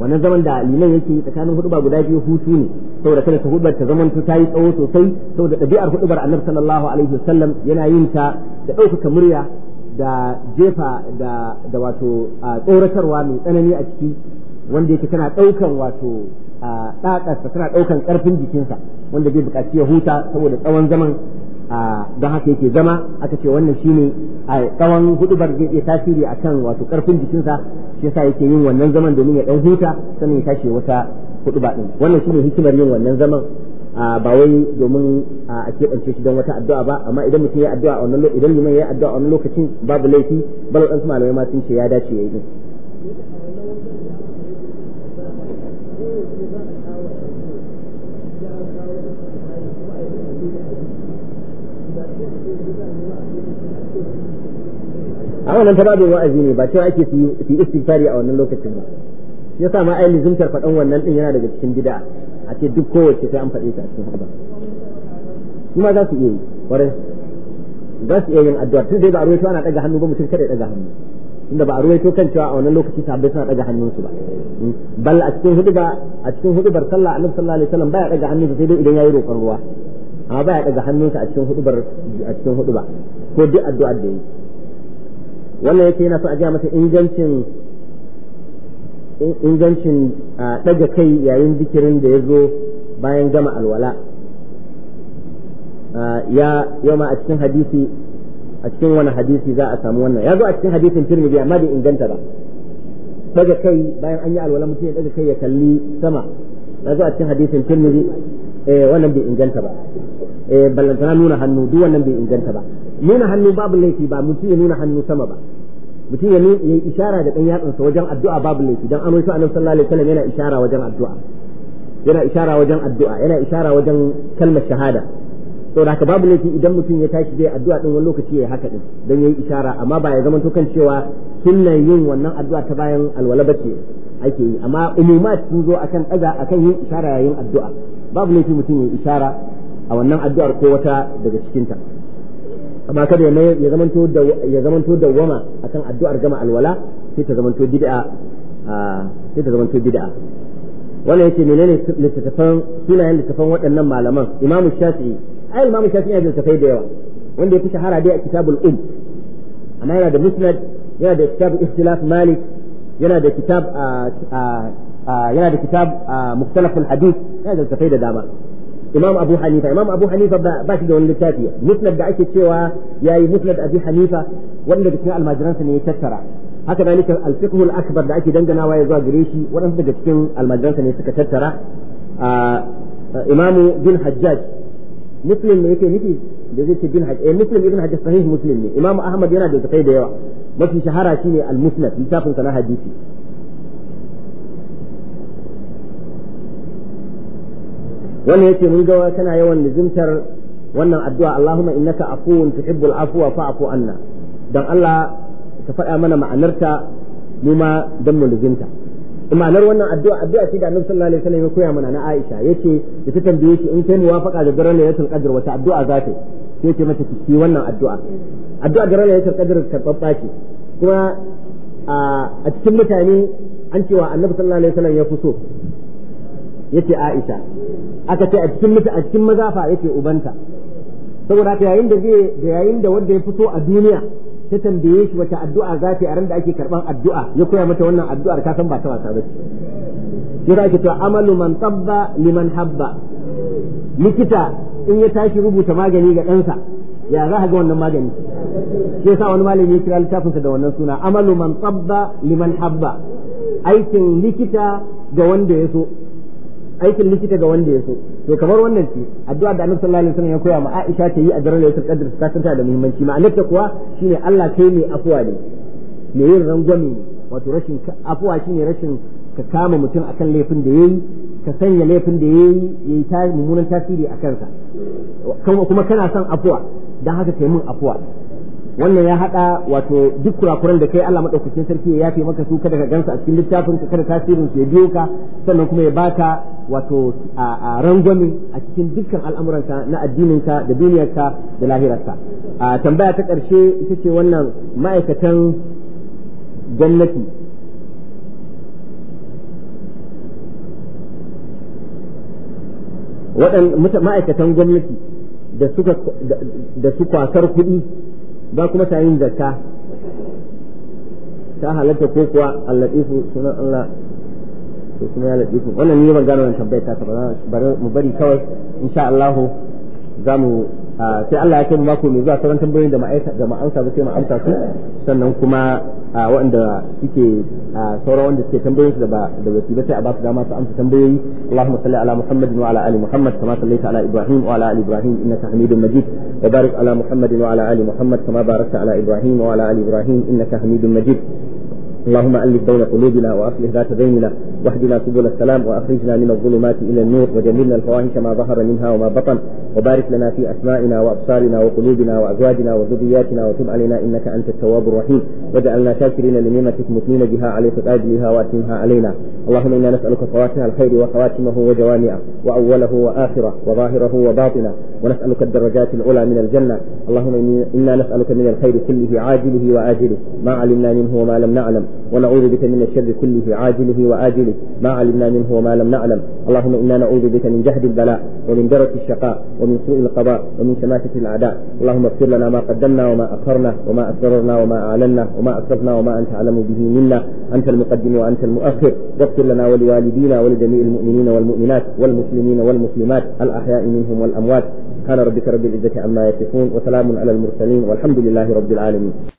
wannan zaman da liman yake tsakanin huduba guda biyu hutu ne saboda kada ta hudubar ta zaman ta yi tsawo sosai saboda ɗabi'ar hudubar annabi sallallahu alaihi wasallam yana yin ta da ɗaukaka murya da jefa da da wato tsoratarwa mai tsanani a ciki wanda yake kana ɗaukan wato ɗaƙarsa tana ɗaukan ƙarfin jikinsa wanda zai buƙaci ya huta saboda tsawon zaman Ah, don haka yake zama aka ce wannan shine a tsawon hudubar zai iya tasiri kan wato karfin jikinsa shi yasa yake yin wannan zaman domin ya dan huta sannan ya tashi wata huduba din wannan shine hikimar yin wannan zaman ah, ba wai domin a keɓance shi don wata addu'a ba amma idan mutum ya addu'a wannan idan liman ya addu'a wannan lokacin babu laifi ɗan su malamai ma sun ce ya dace ya yi din a wannan ta babin wa'azi ne ba cewa ake su yi istighfari a wannan lokacin ba ya sa ma ai lizimtar faɗan wannan ɗin yana daga cikin gida a ce duk kowace sai an faɗe ta a cikin haɗa kuma za su iya yi ƙwarai za su iya yin addu'a tun dai ba a ruwaito ana ɗaga hannu ba mutum kada ya ɗaga hannu tunda ba a ruwaito kan cewa a wannan lokaci sahabbai suna ɗaga hannunsu ba hmm. bal a cikin hudu a cikin bar sallah annabi sallallahu alaihi wasallam baya ɗaga hannunsa sai dai idan ya yi roƙon ruwa amma baya daga hannunsa a cikin hudubar a cikin ba ko duk addu'ar da yi wannan yake yana so a ga masa ingancin ingancin daga kai yayin zikirin da ya zo bayan gama alwala ya yau ma a cikin hadisi a cikin wani hadisi za a samu wannan ya zo a cikin hadisin tirmidhi amma bai inganta ba daga kai bayan an yi alwala mutum ya daga kai ya kalli sama ya zo a cikin hadisin tirmidhi eh wannan bai inganta ba eh ballantana nuna hannu duk wannan bai inganta ba nuna hannu babu laifi ba mutum ya nuna hannu sama ba mutum ya yi ishara da ɗan yatsansa wajen addu'a babu laifi dan annabi sallallahu alaihi wasallam yana ishara wajen addu'a yana ishara wajen addu'a yana ishara wajen kalmar shahada saboda haka babu laifi idan mutum ya tashi zai addu'a din wani lokaci yayi haka din dan yayi ishara amma ba ya zama to kan cewa sunnan yin wannan addu'a ta bayan alwala bace ake yi amma umumat sun zo akan daga akan yin ishara yayin addu'a babu laifi mutum yin ishara a wannan addu'ar ko wata daga cikinta amma kada ya zamanto da ya zamanto wama akan addu'ar gama alwala sai ta zamanto bid'a sai ta zamanto bid'a wannan yace menene suna sunayen littattafan waɗannan malaman Imam shafi'i ai Imam shafi'i yana da littattafai da yawa wanda ya fi shahara dai a kitabul um amma yana da musnad yana da kitabul ikhtilaf malik yana da kitab yana da kitab muktalaful hadith yana da tafai da dama imam abu hanifa imam abu hanifa ba shi da wani littafi musnad da ake cewa ya yi musnad abu hanifa wanda daga cikin almajiransa ne ya tattara haka da al-fiqh al-akbar da ake danganawa ya zuwa gare shi waɗansu daga cikin almajiransa ne suka tattara imamu bin hajjaj muslim ne yake nufi da zai ce bin hajjaj eh, muslim ibn hajjaj sahih muslim ne imam ahmad yana da tafai da yawa mafi shahara shine al-musnad littafin sa na hadisi wannan yace mun ga tana yawan nizimtar wannan addu'a Allahumma innaka afuwun tuhibbul afwa fa'fu anna dan Allah ka faɗa mana ma'anarta mu ma dan mu nizimta ma'anar wannan addu'a addu'a ce da Annabi sallallahu alaihi wasallam ya koya mana na Aisha yace da ta tambaye shi in kai muwafaqa da daren lailatul qadr wata addu'a za ta yi sai ce mata ki wannan addu'a addu'a ga ranar yakin qadr karɓaɓɓa ce kuma a cikin mutane an cewa annabi sallallahu alaihi wasallam ya fi yace Aisha aka ce a cikin mutu a cikin mazafa yace ubanta saboda haka yayin da zai da yayin da wanda ya fito a duniya ta tambaye shi wata addu'a za ta yi a ran da ake karban addu'a ya koya mata wannan addu'ar ka san ba ta wasa ba ce sai ake cewa amalu man tabba liman habba likita in ya tashi rubuta magani ga ɗansa ya za ga wannan magani shi yasa wani malami ya kira littafinsa da wannan suna amalu man tsabba liman habba aikin likita ga wanda ya so aikin likita ga wanda ya so to kamar wannan ce addu'a da Annabi sallallahu alaihi wasallam ya koya ma Aisha ta yi a daren Lailatul Qadr ta kanta da muhimmanci ma ta kuwa shine Allah kai ne afuwa ne me yin rangwame ne wato rashin afuwa shine rashin ka kama mutum akan laifin da yayi ka sanya laifin da yayi yayi ta mummunan tasiri a kansa kuma kana son afuwa dan haka kai mun afuwa wannan ya hada wato duk kurakuran da kai Allah madaukakin sarki ya yafe maka su kada ka gansa a cikin littafin ka kada tasirin su ya biyo ka sannan kuma ya baka wato a rangwame a cikin dukkan al'amuranka na addininka da duniyarka da lahirarka a tambaya ta karshe ita ce wannan ma'aikatan jannati waɗanda ma'aikatan gwamnati da su kwasar kuɗi ba kuma ta yin zakka ta halatta ko kuwa allatifu sunan Allah to kuma ya latifu wannan ne ban gano wannan tambayar ta ba mu bari kawai insha Allah za mu Ah, sai Allah ya kai mako mai zuwa sauran tambayoyin da ma'aikata da ma'amsa ba sai mu amsa su sannan kuma ah, waɗanda suke ah, sauran wanda suke tambayoyin su da ba da ba sai a ba su dama su amsa tambayoyi Allahumma salli ala Muhammad wa ala ali Muhammad kama sallaita ala Ibrahim wa ala ali Ibrahim innaka Hamidum Majid wa barik ala Muhammad wa ala ali Muhammad kama barakta ala Ibrahim wa ala ali Ibrahim innaka Hamidum Majid اللهم ألف بين قلوبنا وأصلح ذات بيننا واهدنا سبل السلام وأخرجنا من الظلمات إلى النور وجملنا الفواحش ما ظهر منها وما بطن وبارك لنا في أسمائنا وأبصارنا وقلوبنا وأزواجنا وذرياتنا وتب علينا إنك أنت التواب الرحيم وجعلنا شاكرين لنعمتك مثنين بها عليك اجلها وأتمها علينا اللهم إنا نسألك فواتح الخير وخواتمه وجوامعه وأوله وآخره وظاهره وباطنه ونسألك الدرجات العلى من الجنة اللهم إنا نسألك من الخير كله عاجله وآجله ما علمنا منه وما لم نعلم ونعوذ بك من الشر كله عاجله وآجله ما علمنا منه وما لم نعلم اللهم إنا نعوذ بك من جهد البلاء ومن درك الشقاء ومن سوء القضاء ومن شماتة الأعداء اللهم اغفر لنا ما قدمنا وما أخرنا وما أسررنا وما أعلنا وما أسرفنا وما أنت أعلم به منا أنت المقدم وأنت المؤخر واغفر لنا ولوالدينا ولجميع المؤمنين والمؤمنات والمسلمين والمسلمات الأحياء منهم والأموات سبحان ربك رب العزة عما يصفون وسلام على المرسلين والحمد لله رب العالمين